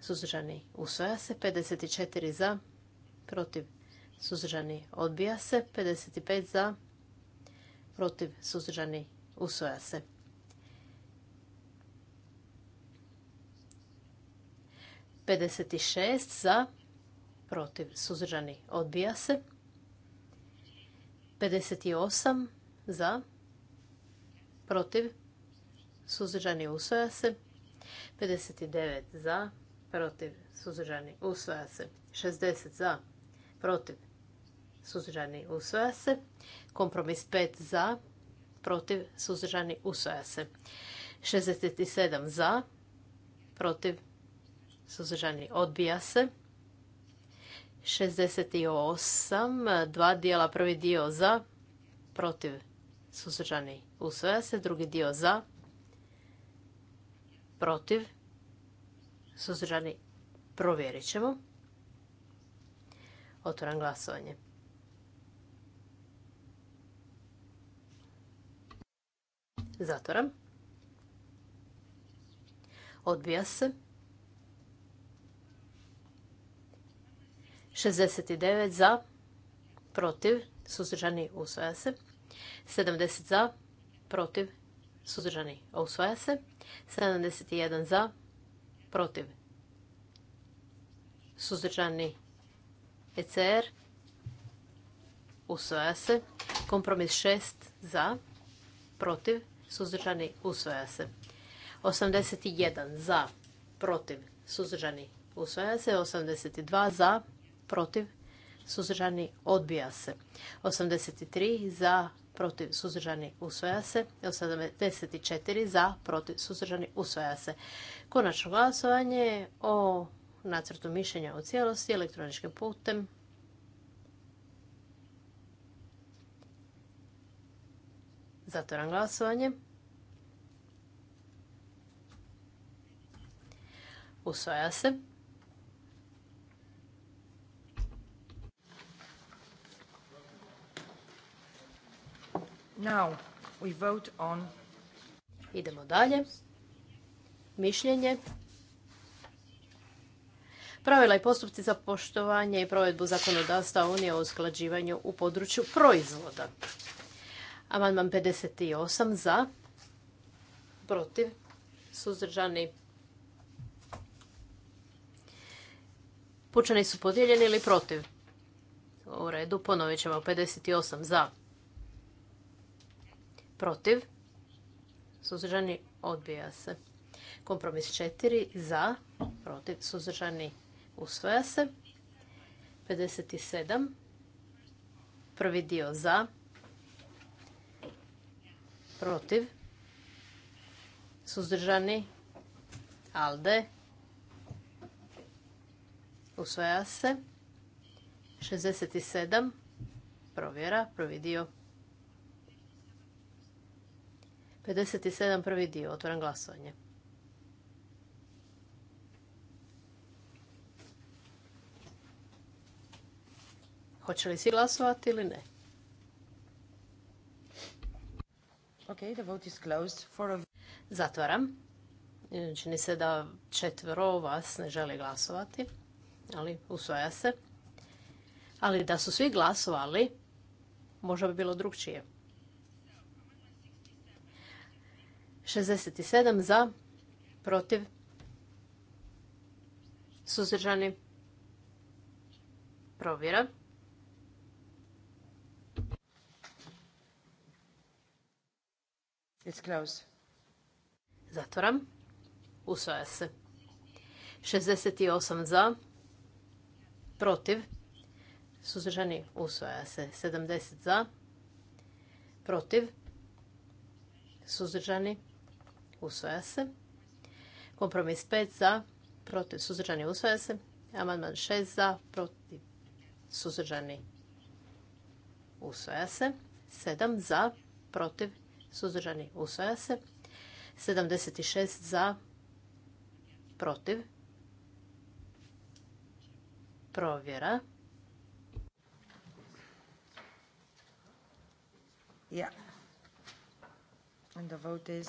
suzdržani, usvaja se. 54 za, protiv, suzdržani, odbija se. 55 za, protiv, suzdržani, usvaja se. Pedeset šest za, protiv, suzdržani, odbija se. 58 za, protiv, suzdržani, usvoja se. 59 za, protiv, suzdržani, usvaja se. 60 za, protiv, suzdržani, usvaja se. Kompromis 5 za, protiv, suzdržani, usvaja se. 67 za, protiv, suzdržani, odbija se. 68, dva dijela, prvi dio za, protiv, suzdržani, usvaja se. Drugi dio za, protiv, suzdržani, provjerit ćemo. Otvoram glasovanje. Zatvoram. Odbija se. 69 za, protiv, suzdržani, usvaja se. 70 za, protiv, suzdržani, usvaja se. 71 za, protiv, suzdržani, ECR, usvaja se, kompromis 6 za, protiv, suzdržani, usvaja se, 81 za, protiv, suzdržani, usvaja se, 82 za, protiv, suzdržani, odbija se, 83 za, protiv suzdržani usvaja se. četiri za protiv suzdržani usvaja se. Konačno glasovanje o nacrtu mišljenja u cijelosti elektroničkim putem. Zatvoram glasovanje. Usvaja se. Now we vote on... Idemo dalje. Mišljenje. Pravila i postupci za poštovanje i provedbu zakonodavstva Unije o usklađivanju u području proizvoda. Amandman 58 za, protiv, suzdržani. Pučani su podijeljeni ili protiv? U redu, ponovit ćemo 58 za, protiv, suzdržani, odbija se. Kompromis 4 za, protiv, suzdržani, usvaja se. 57, prvi dio za, protiv, suzdržani, alde, usvaja se. 67, provjera, prvi dio 57. prvi dio. Otvoram glasovanje. Hoće li svi glasovati ili ne? the Zatvaram. Čini se da četvro vas ne želi glasovati, ali usvaja se. Ali da su svi glasovali, možda bi bilo drugčije. 67 za, protiv, suzdržani, provjera. It's close. Zatvoram. Usvaja se. 68 za, protiv, suzdržani, usvaja se. 70 za, protiv, suzdržani, usvaja se. Kompromis 5 za, protiv suzdržani usvaja se. Amandman 6 za, protiv suzdržani usvaja se. 7 za, protiv suzdržani usvaja se. 76 za, protiv provjera. Yeah. And the vote is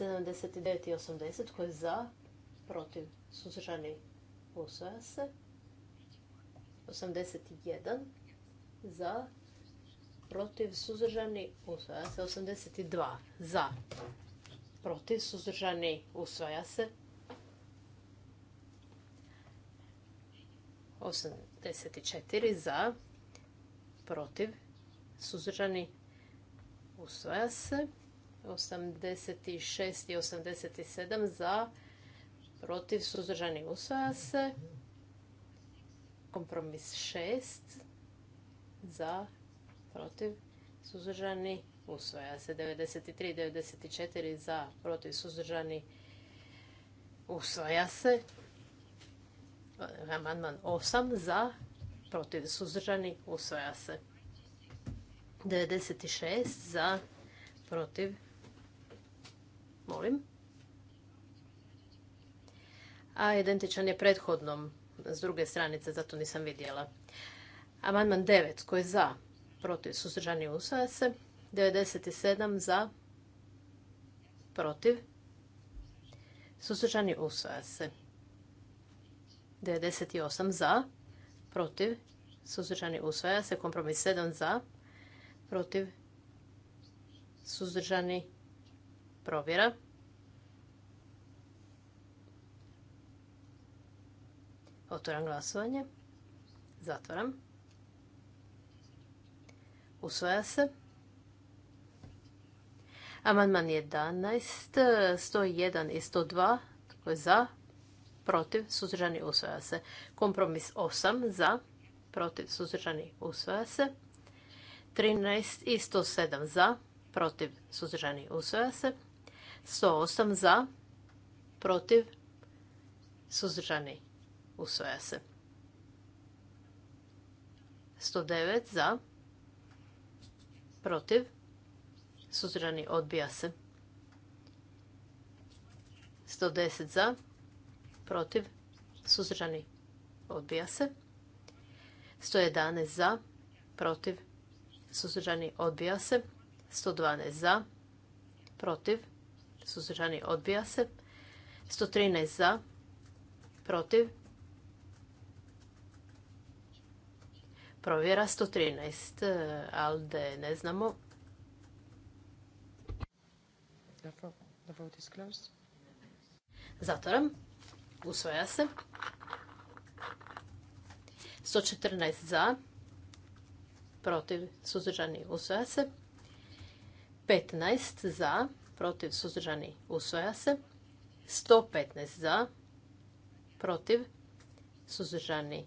79 i 80 koji je za, protiv, suzržani, usvaja se. 81 za, protiv, suzdržani, usvaja se. 82 za, protiv, suzržani, usvaja se. 84 za, protiv, suzdržani, usvaja se. 86 i 87 za, protiv, suzdržani usvaja se. Kompromis 6 za, protiv, suzdržani usvaja se. 93 i 94 za, protiv, suzdržani usvaja se. Amandman 8 za, protiv, suzdržani usvaja se. 96 za, protiv, Molim. A identičan je prethodnom s druge stranice, zato nisam vidjela. Amandman 9, koji je za, protiv, suzdržani, usvaja se. 97 za, protiv, suzdržani, usvaja se. 98 za, protiv, suzdržani, usvaja se. Kompromis 7 za, protiv, suzdržani, Provjera. Otvoram glasovanje. Zatvoram. Usvoja se. Amandman 11, 101 i 102. Tko je za? Protiv. Suzdržani usvoja se. Kompromis 8. Za. Protiv. Suzdržani usvoja se. 13 i 107 za. Protiv. Suzdržani usvoja se. 108 za, protiv, suzdržani, usvoja se. 109 za, protiv, suzdržani, odbija se. 110 za, protiv, suzdržani, odbija se. 111 za, protiv, suzdržani, odbija se. 112 za, protiv, suzdržani odbija se. 113 za, protiv. Provjera 113, e, alde ne znamo. Zatvoram. Usvoja se. 114 za, protiv, suzdržani, usvoja se. 15 za, protiv, suzdržani, usvaja se. 115 za, protiv, suzdržani,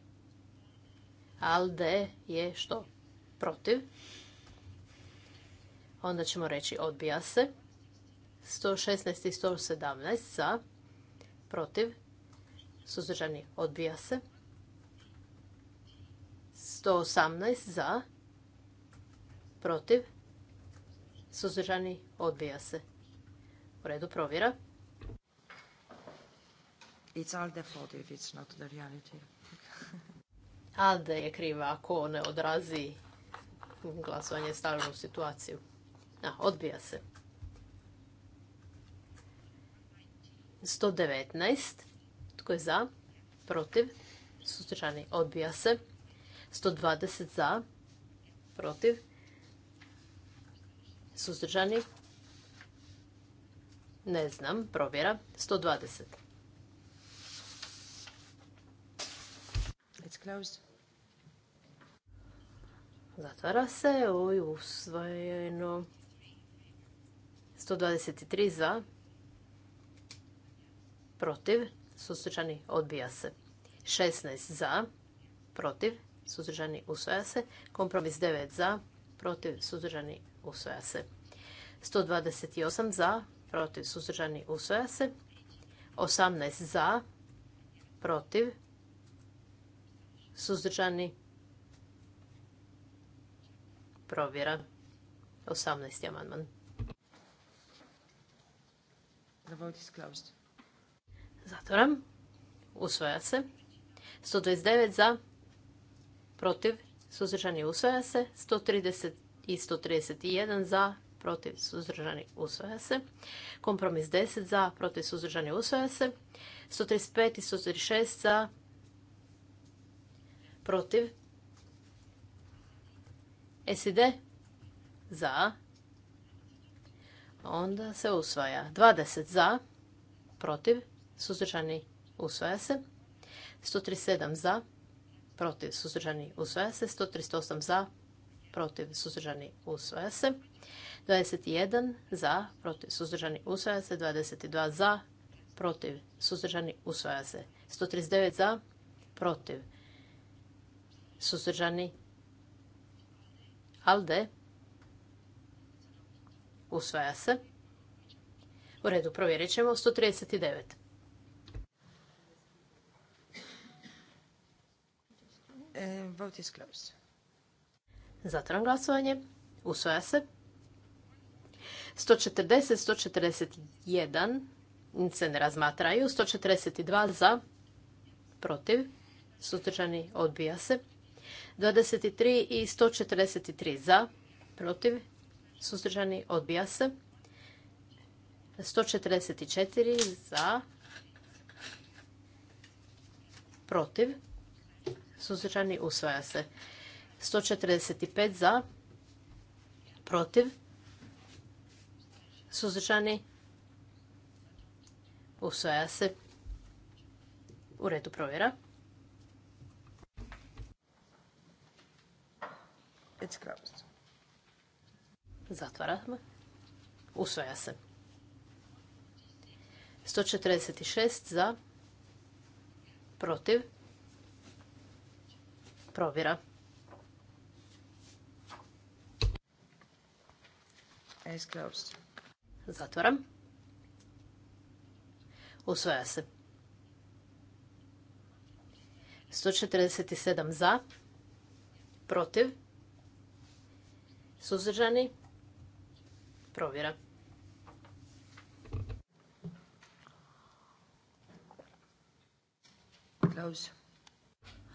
alde je što? Protiv. Onda ćemo reći odbija se. 116 i 117 za, protiv, suzdržani, odbija se. 118 za, protiv, suzdržani, odbija se. U redu, provjera. It's the fault if it's not the reality. Alde je kriva ako ne odrazi glasovanje u situaciju. da odbija se. 119. Tko je za? Protiv? Suzdržani odbija se. 120 za. Protiv? Suzdržani ne znam, provjera. 120. Let's close. Zatvara se, oj, usvojeno. 123 za, protiv, susrećani, odbija se. 16 za, protiv, suzdržani usvaja se. Kompromis 9 za, protiv, suzdržani usvaja se. 128 za, protiv, suzdržani, usvaja se. 18 za, protiv, suzdržani, provjera. 18. amandman. The vote Zatoram. se. 129 za, protiv, suzdržani usvaja se. 130 i 131 za, protiv suzdržani usvaja se. Kompromis 10 za, protiv suzdržani usvaja se. 135 i 136 za, protiv. SID za, onda se usvaja. 20 za, protiv, suzdržani usvaja se. 137 za, protiv, suzdržani usvaja se. 138 za, protiv, suzdržani usvaja se. 21 za, protiv suzdržani usvaja se. 22 za, protiv suzdržani usvaja se. 139 za, protiv suzdržani alde usvaja se. U redu, provjerit ćemo. 139. E, vote is closed. Zatvoram glasovanje. Usvaja se. 140, 141 se ne razmatraju. 142 za, protiv, suzdržani odbija se. 23 i 143 za, protiv, suzdržani odbija se. 144 za, protiv, suzdržani usvaja se. 145 za, protiv, Suzdržani? Usvaja se. U redu provjera. It's closed. Usvaja se. 146 za. Protiv. Provjera. It's closed. Zatvaram. Usvaja se. 147 za, protiv, suzdržani, provjera.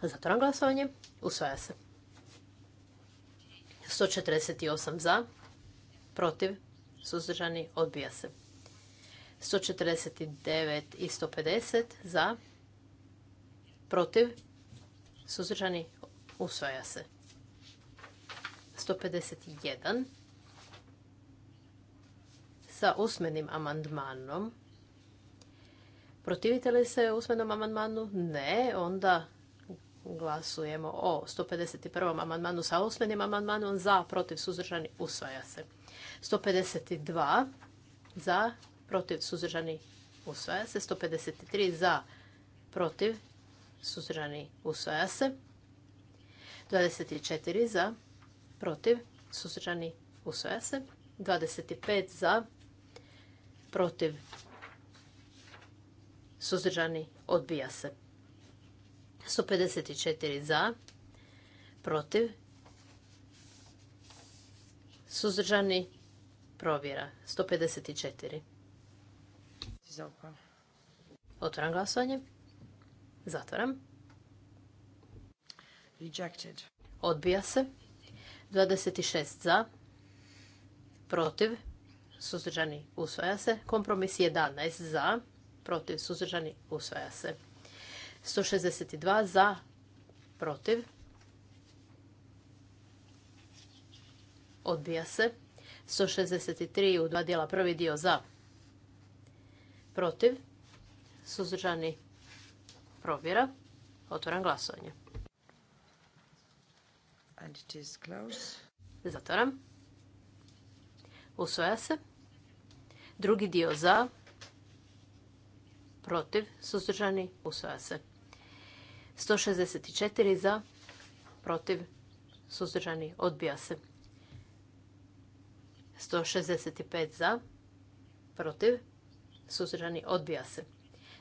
Zatvoram glasovanje. Usvaja se. 148 za, protiv, suzdržani, odbija se. 149 i 150 za, protiv, suzdržani, usvaja se. 151 sa usmenim amandmanom. Protivite li se usmenom amandmanu? Ne, onda Glasujemo o 151. amandmanu sa osmenim amandmanom za, protiv, suzdržani, usvaja se. 152 za, protiv, suzdržani, usvaja se. 153 za, protiv, suzdržani, usvaja se. 24 za, protiv, suzdržani, usvaja se. 25 za, protiv, suzdržani, odbija se. 154 za, protiv, suzdržani, provjera. 154. Otvaram glasovanje. Zatvaram. Odbija se. 26 za, protiv, suzdržani, usvaja se. Kompromis 11 za, protiv, suzdržani, usvaja se. 162 za, protiv. Odbija se. 163 u dva dijela. Prvi dio za, protiv. Suzdržani provjera. Otvoram glasovanje. And it se. Drugi dio za, protiv, suzdržani, usvoja se. 164 za, protiv, suzdržani, odbija se. 165 za, protiv, suzdržani, odbija se.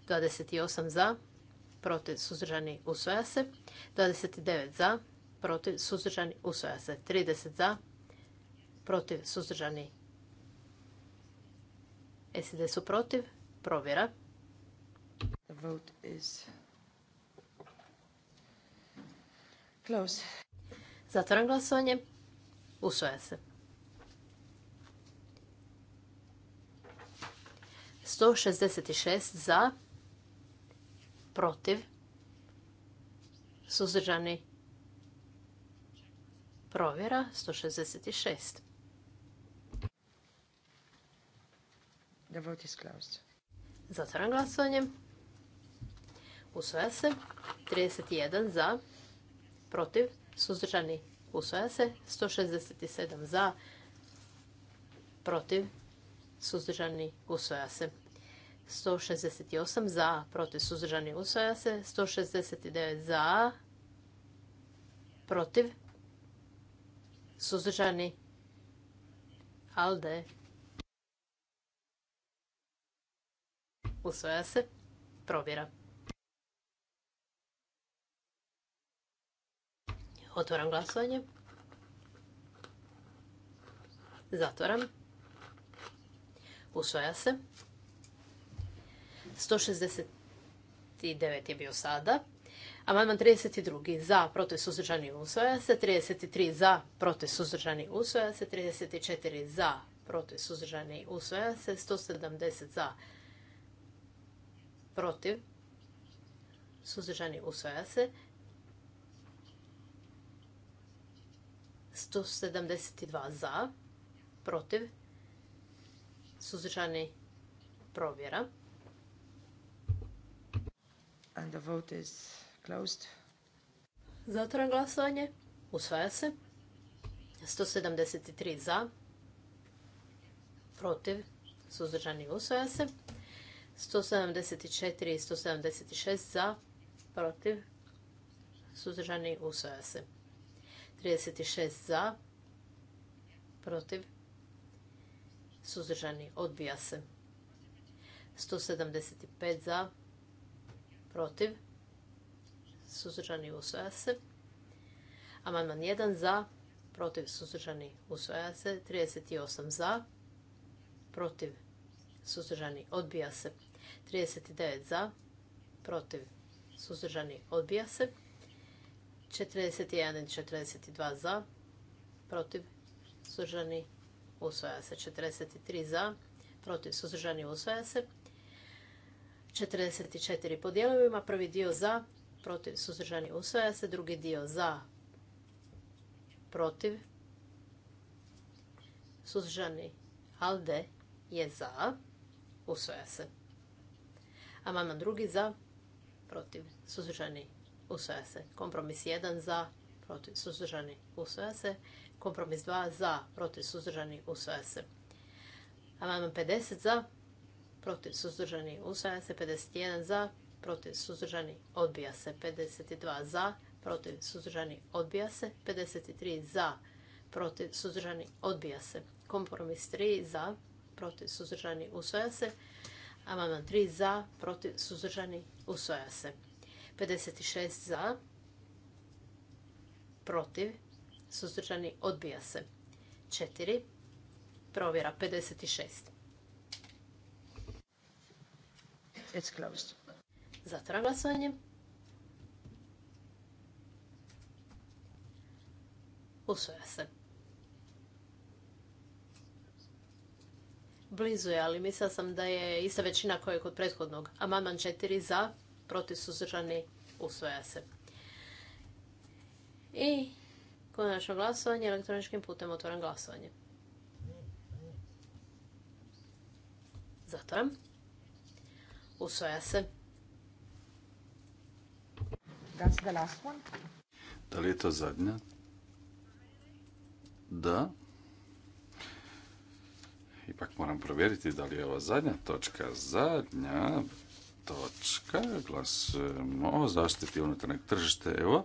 28 za, protiv, suzdržani, usvaja se. 29 za, protiv, suzdržani, usvaja se. 30 za, protiv, suzdržani, SID su protiv, provjera. The vote is Close. Zatvoram glasovanje. Usvaja se. 166 za, protiv, suzdržani provjera 166. The vote is closed. Zatvoram glasovanje. Usvaja se. 31 za, protiv, suzdržani, usvaja se. 167 za, protiv, suzdržani, usvaja se. 168 za, protiv, suzdržani, usvaja se. 169 za, protiv, suzdržani, alde, usvaja se, provjera. Otvaram glasovanje. Zatvaram. Usvaja se. 169 je bio sada. Amandman 32. Za, protiv, suzdržani, usvaja se. 33. Za, protiv, suzdržani, usvaja se. 34. Za, protiv, suzdržani, usvaja se. 170. Za, protiv, suzdržani, usvaja se. 172 za, protiv, suzdržani provjera. And the glasovanje. Usvaja se. 173 za, protiv, suzdržani usvaja se. 174 i 176 za, protiv, suzdržani usvaja se. 36 za, protiv, suzdržani, odbija se. 175 za, protiv, suzdržani, usvaja se. Amandman 1 za, protiv, suzdržani, usvaja se. 38 za, protiv, suzdržani, odbija se. 39 za, protiv, suzdržani, odbija se. 41 i 42 za, protiv, suzdržani, usvaja se. 43 za, protiv, suzdržani, usvaja se. 44 po dijelovima, prvi dio za, protiv, suzdržani, usvaja se. Drugi dio za, protiv, suzdržani, alde je za, usvaja se. Amandman drugi za, protiv, suzdržani, usvaja se. Kompromis 1 za, protiv suzdržani, usvaja se. Kompromis 2 za, protiv suzdržani, usvaja se. Amandman 50 za, protiv suzdržani, usvaja se. 51 za, protiv suzdržani, odbija se. 52 za, protiv suzdržani, odbija se. 53 za, protiv suzdržani, odbija se. Kompromis 3 za, protiv suzdržani, usvaja se. Amandman 3 za, protiv suzdržani, usvaja se. 56 za, protiv, suzdržani, odbija se. 4. Provjera 56. It's closed. glasovanje. Usvoja se. Blizu je, ali mislila sam da je ista većina koja je kod prethodnog. Amandman 4 za, protiv suzdržani usvaja se. I konačno glasovanje elektroničkim putem otvoram glasovanje. Zatvoram. Usvoja se. Da li je to zadnja? Da. Ipak moram provjeriti da li je ova zadnja točka zadnja točka. Glasujemo o zaštiti unutarnjeg tržišta e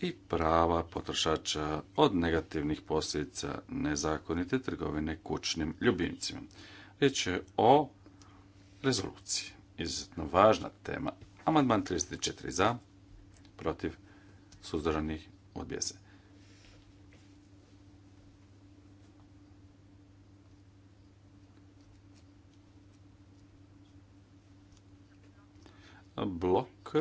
i prava potrošača od negativnih posljedica nezakonite trgovine kućnim ljubimcima. Riječ je o rezoluciji. Izuzetno važna tema. Amandman 34 za, protiv, suzdržanih, odbjese. blok,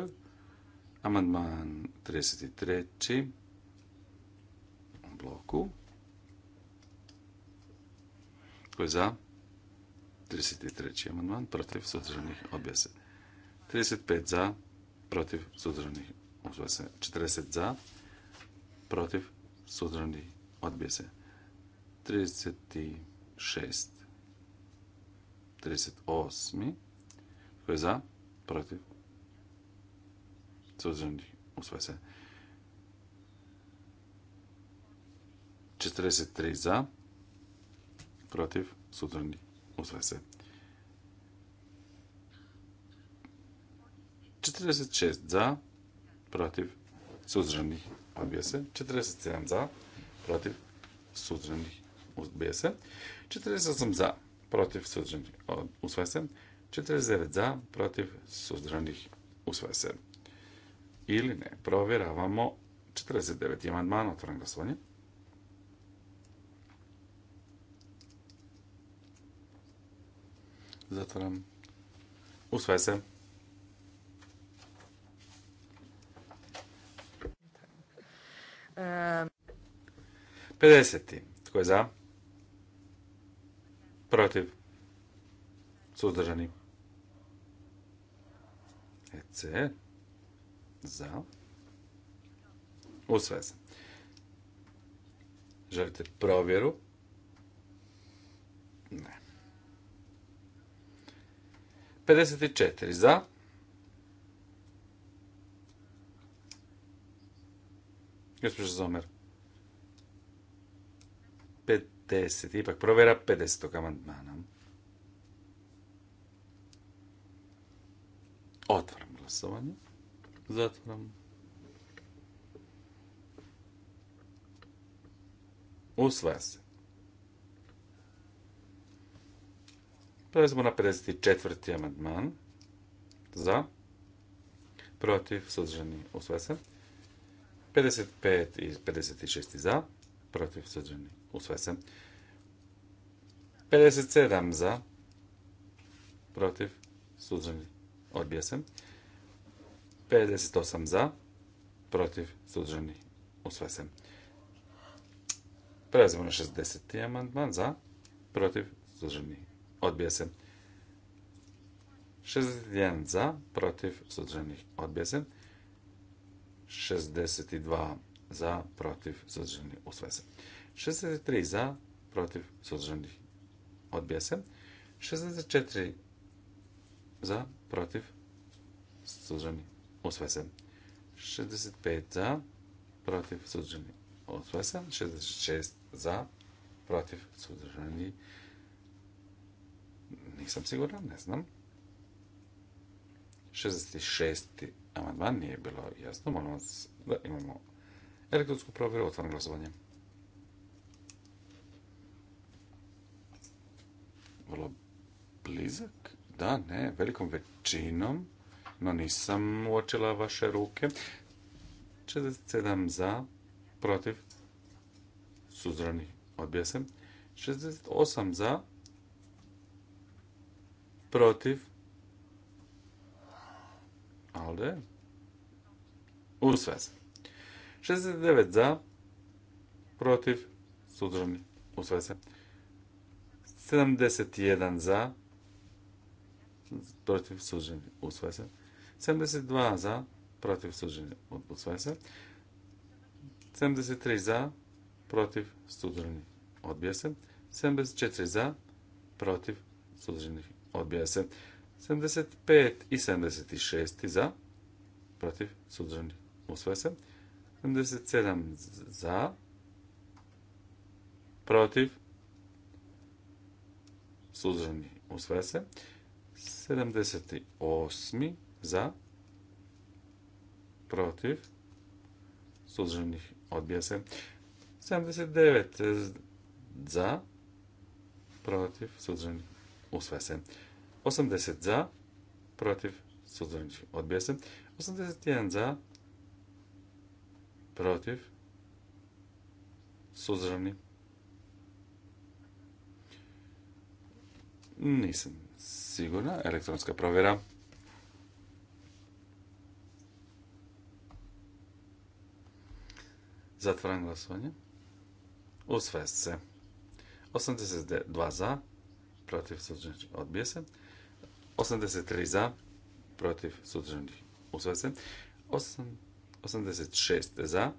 amandman 33. u bloku. Koji je za? 33. amandman protiv sudržanih objese. 35 za, protiv sudržanih, objese. 40 za, protiv sudržanih odbjese. 36. 38. Tko je za? Protiv suzdržani, 43 za, protiv, suzdržani, usvaja 46 za, protiv, suzdržanih, objese. 47 za, protiv, suzdržanih, odbija se. 48 za, protiv, suzdržanih, usvaja 49 za, protiv, suzdržanih, usvaja ili ne. Provjeravamo 49. amandman, otvoren glasovanje. Zatvoram. Usvaja se. Pedeseti. 50. Tko je za? Protiv. Suzdržani. Ece. Za. Usvaja Želite provjeru? Ne. 54 za. Gospođa Zomer. 50. Ipak provjera 50. amandmana. Otvaram glasovanje. Zatvaram. Usvaja se. Prelazimo na 54. amandman. Za. Protiv. Suzdržani. Usvaja se. 55 i 56 za. Protiv. Suzdržani. Usvaja se. 57 za. Protiv. Suzdržani. Odbija se. 58 za, protiv, suzdržani, u se. Prelazimo na 60. amandman za, protiv, suzdržani, odbija se. 61 za, protiv, suzdržanih, odbija 62 za, protiv, suzdržanih, u 63 za, protiv, suzdržanih, odbija 64 za, protiv, suženi. Usvaja se. 65 za, protiv suzdržani. osve se. 66 za, protiv suzdržani. Nisam siguran, ne znam. 66. amandman nije bilo jasno. Molim da imamo elektronsku provjeru, otvorno glasovanje. Vrlo blizak. Da, ne, velikom većinom no nisam uočila vaše ruke. 67 za, protiv, suzrani, odbija se. 68 za, protiv, alde, u se. 69 za, protiv, suzrani, usvaja se. 71 za, protiv, suzrani, u se. 72 za, protiv suđenja odbacuje 73 za, protiv suđenja odbija se. 74 za, protiv suđenja odbija 75 i 76 za, protiv suđenja usvaja se. 77 za, protiv suđenja usvaja se. 78 za, protiv, suzdržanih odbija se. 79 za, protiv, suzdržanih usvaja se. 80 za, protiv, suzdržanih odbija se. 81 za, protiv, suzdržani. Nisam sigurna. Elektronska provjera. Zatvaram glasovanje. Usvaja se. 82 za, protiv suzdržanih odbije se. 83 za, protiv u usvaja se. 86 za,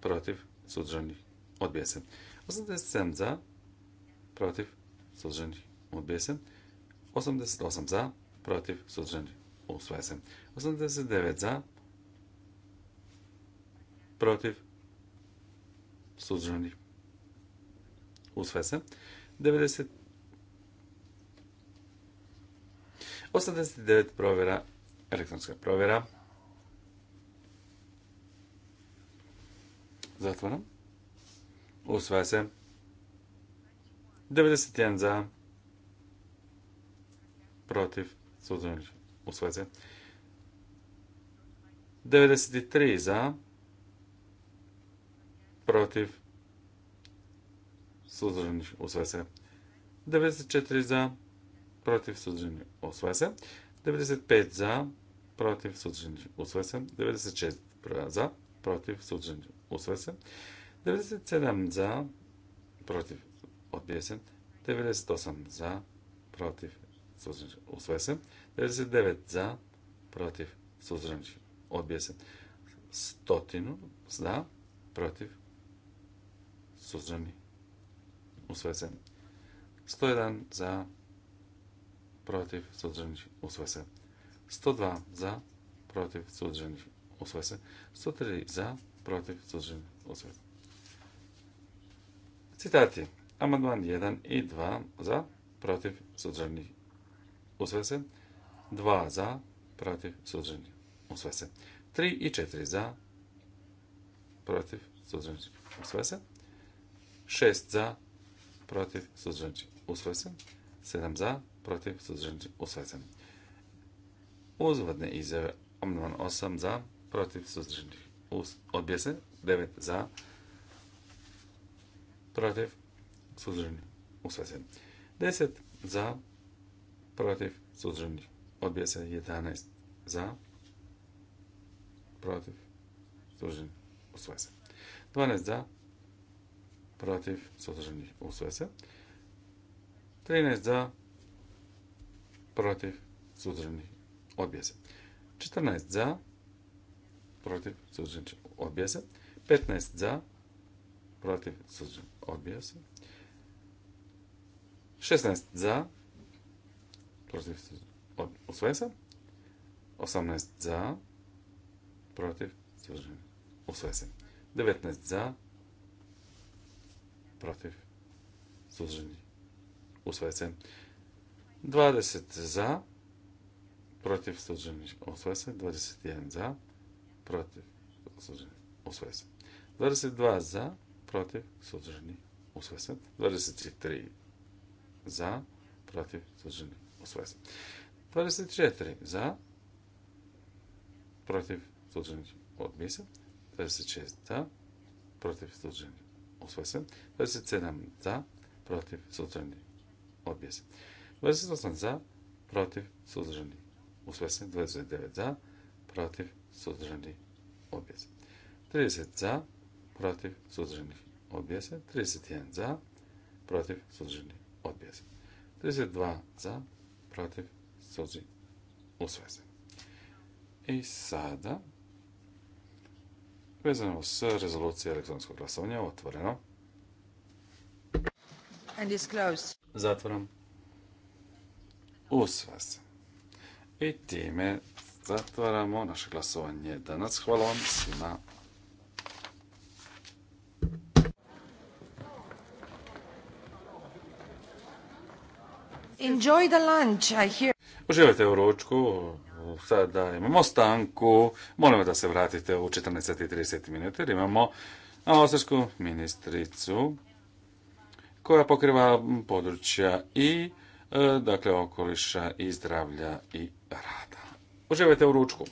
protiv suzdržanih odbije se. 87 za, protiv suzdržanih odbije se. 88 za, protiv suzdržanih usvaja se. 89 za, protiv suzdržani. sve se. 89 provjera, elektronska provjera. U sve se. 91 za. Protiv. Suzdržani. sve se. 93 za protiv, suzdržani, usvaja se. 94 za, protiv, suzdržani, usvaja se. 95 za, protiv, suzdržani, usvaja se. 96 za, protiv, suzdržani, usvaja se. 97 za, protiv, odbija se. 98 za, protiv, suzdržani, usvaja se. 99 za, protiv, suzdržani, odbija se. Stotinu za, protiv, sve usvesen. 101 za, protiv, sve usvesen. 102 za, protiv, sve usvesen. 103 za, protiv, sve usvesen. Citati. Amandman 1 i 2 za, protiv, sve usvesen. 2 za, protiv, sve usvesen. 3 i 4 za, protiv, suzdržani, usvesen. 6 za, protiv, suzdržani, usvoje 7 za, protiv, suzdržani, usvoje Uzvodne izjave, 8 za, protiv, suzdržani, odbije se. 9 za, protiv, suzdržani, usvoje 10 za, protiv, suzdržani, odbije se. 11 za, protiv, suzdržani, usvoje 12 za, protiv, suzdržani, usvaja 13 za, protiv, suzdržani, odbija se. 14 za, protiv, suzdržani, odbija se. 15 za, protiv, suzdržani, odbija se. 16 za, protiv, usvaja se. 18 za, protiv, suzdržani, usvaja se. 19 za, protiv, suzdržani, usvaja se. 20 za, protiv, suzdržani, usvaja se. 21 za, protiv, suzdržani, usvaja se. 22 za, protiv, suzdržani, usvaja se. 23 za, protiv, suzdržani, usvaja se. 24 za, protiv, suzdržani, odbija se. 26 za, protiv, suzdržani, usvoje c 7 za, protiv, suzdržani, odbije se. 28 za, protiv, suzdržani, usvoje 29 za, protiv, suzdržani, odbije se. 30 za, protiv, suzdržani, odbije se. 31 za, protiv, suzdržani, odbije se. 32 za, protiv, suzdržani, usvoje I sada vezano s rezolucije elektronskog glasovanja otvoreno. And Zatvoram. Usva se. I time zatvaramo naše glasovanje danas. Hvala vam svima. Enjoy lunch, Uživajte u ručku, sada imamo stanku. Molimo da se vratite u 14.30 minuta jer imamo austrijsku ministricu koja pokriva područja i e, dakle okoliša i zdravlja i rada. Uživajte u ručku.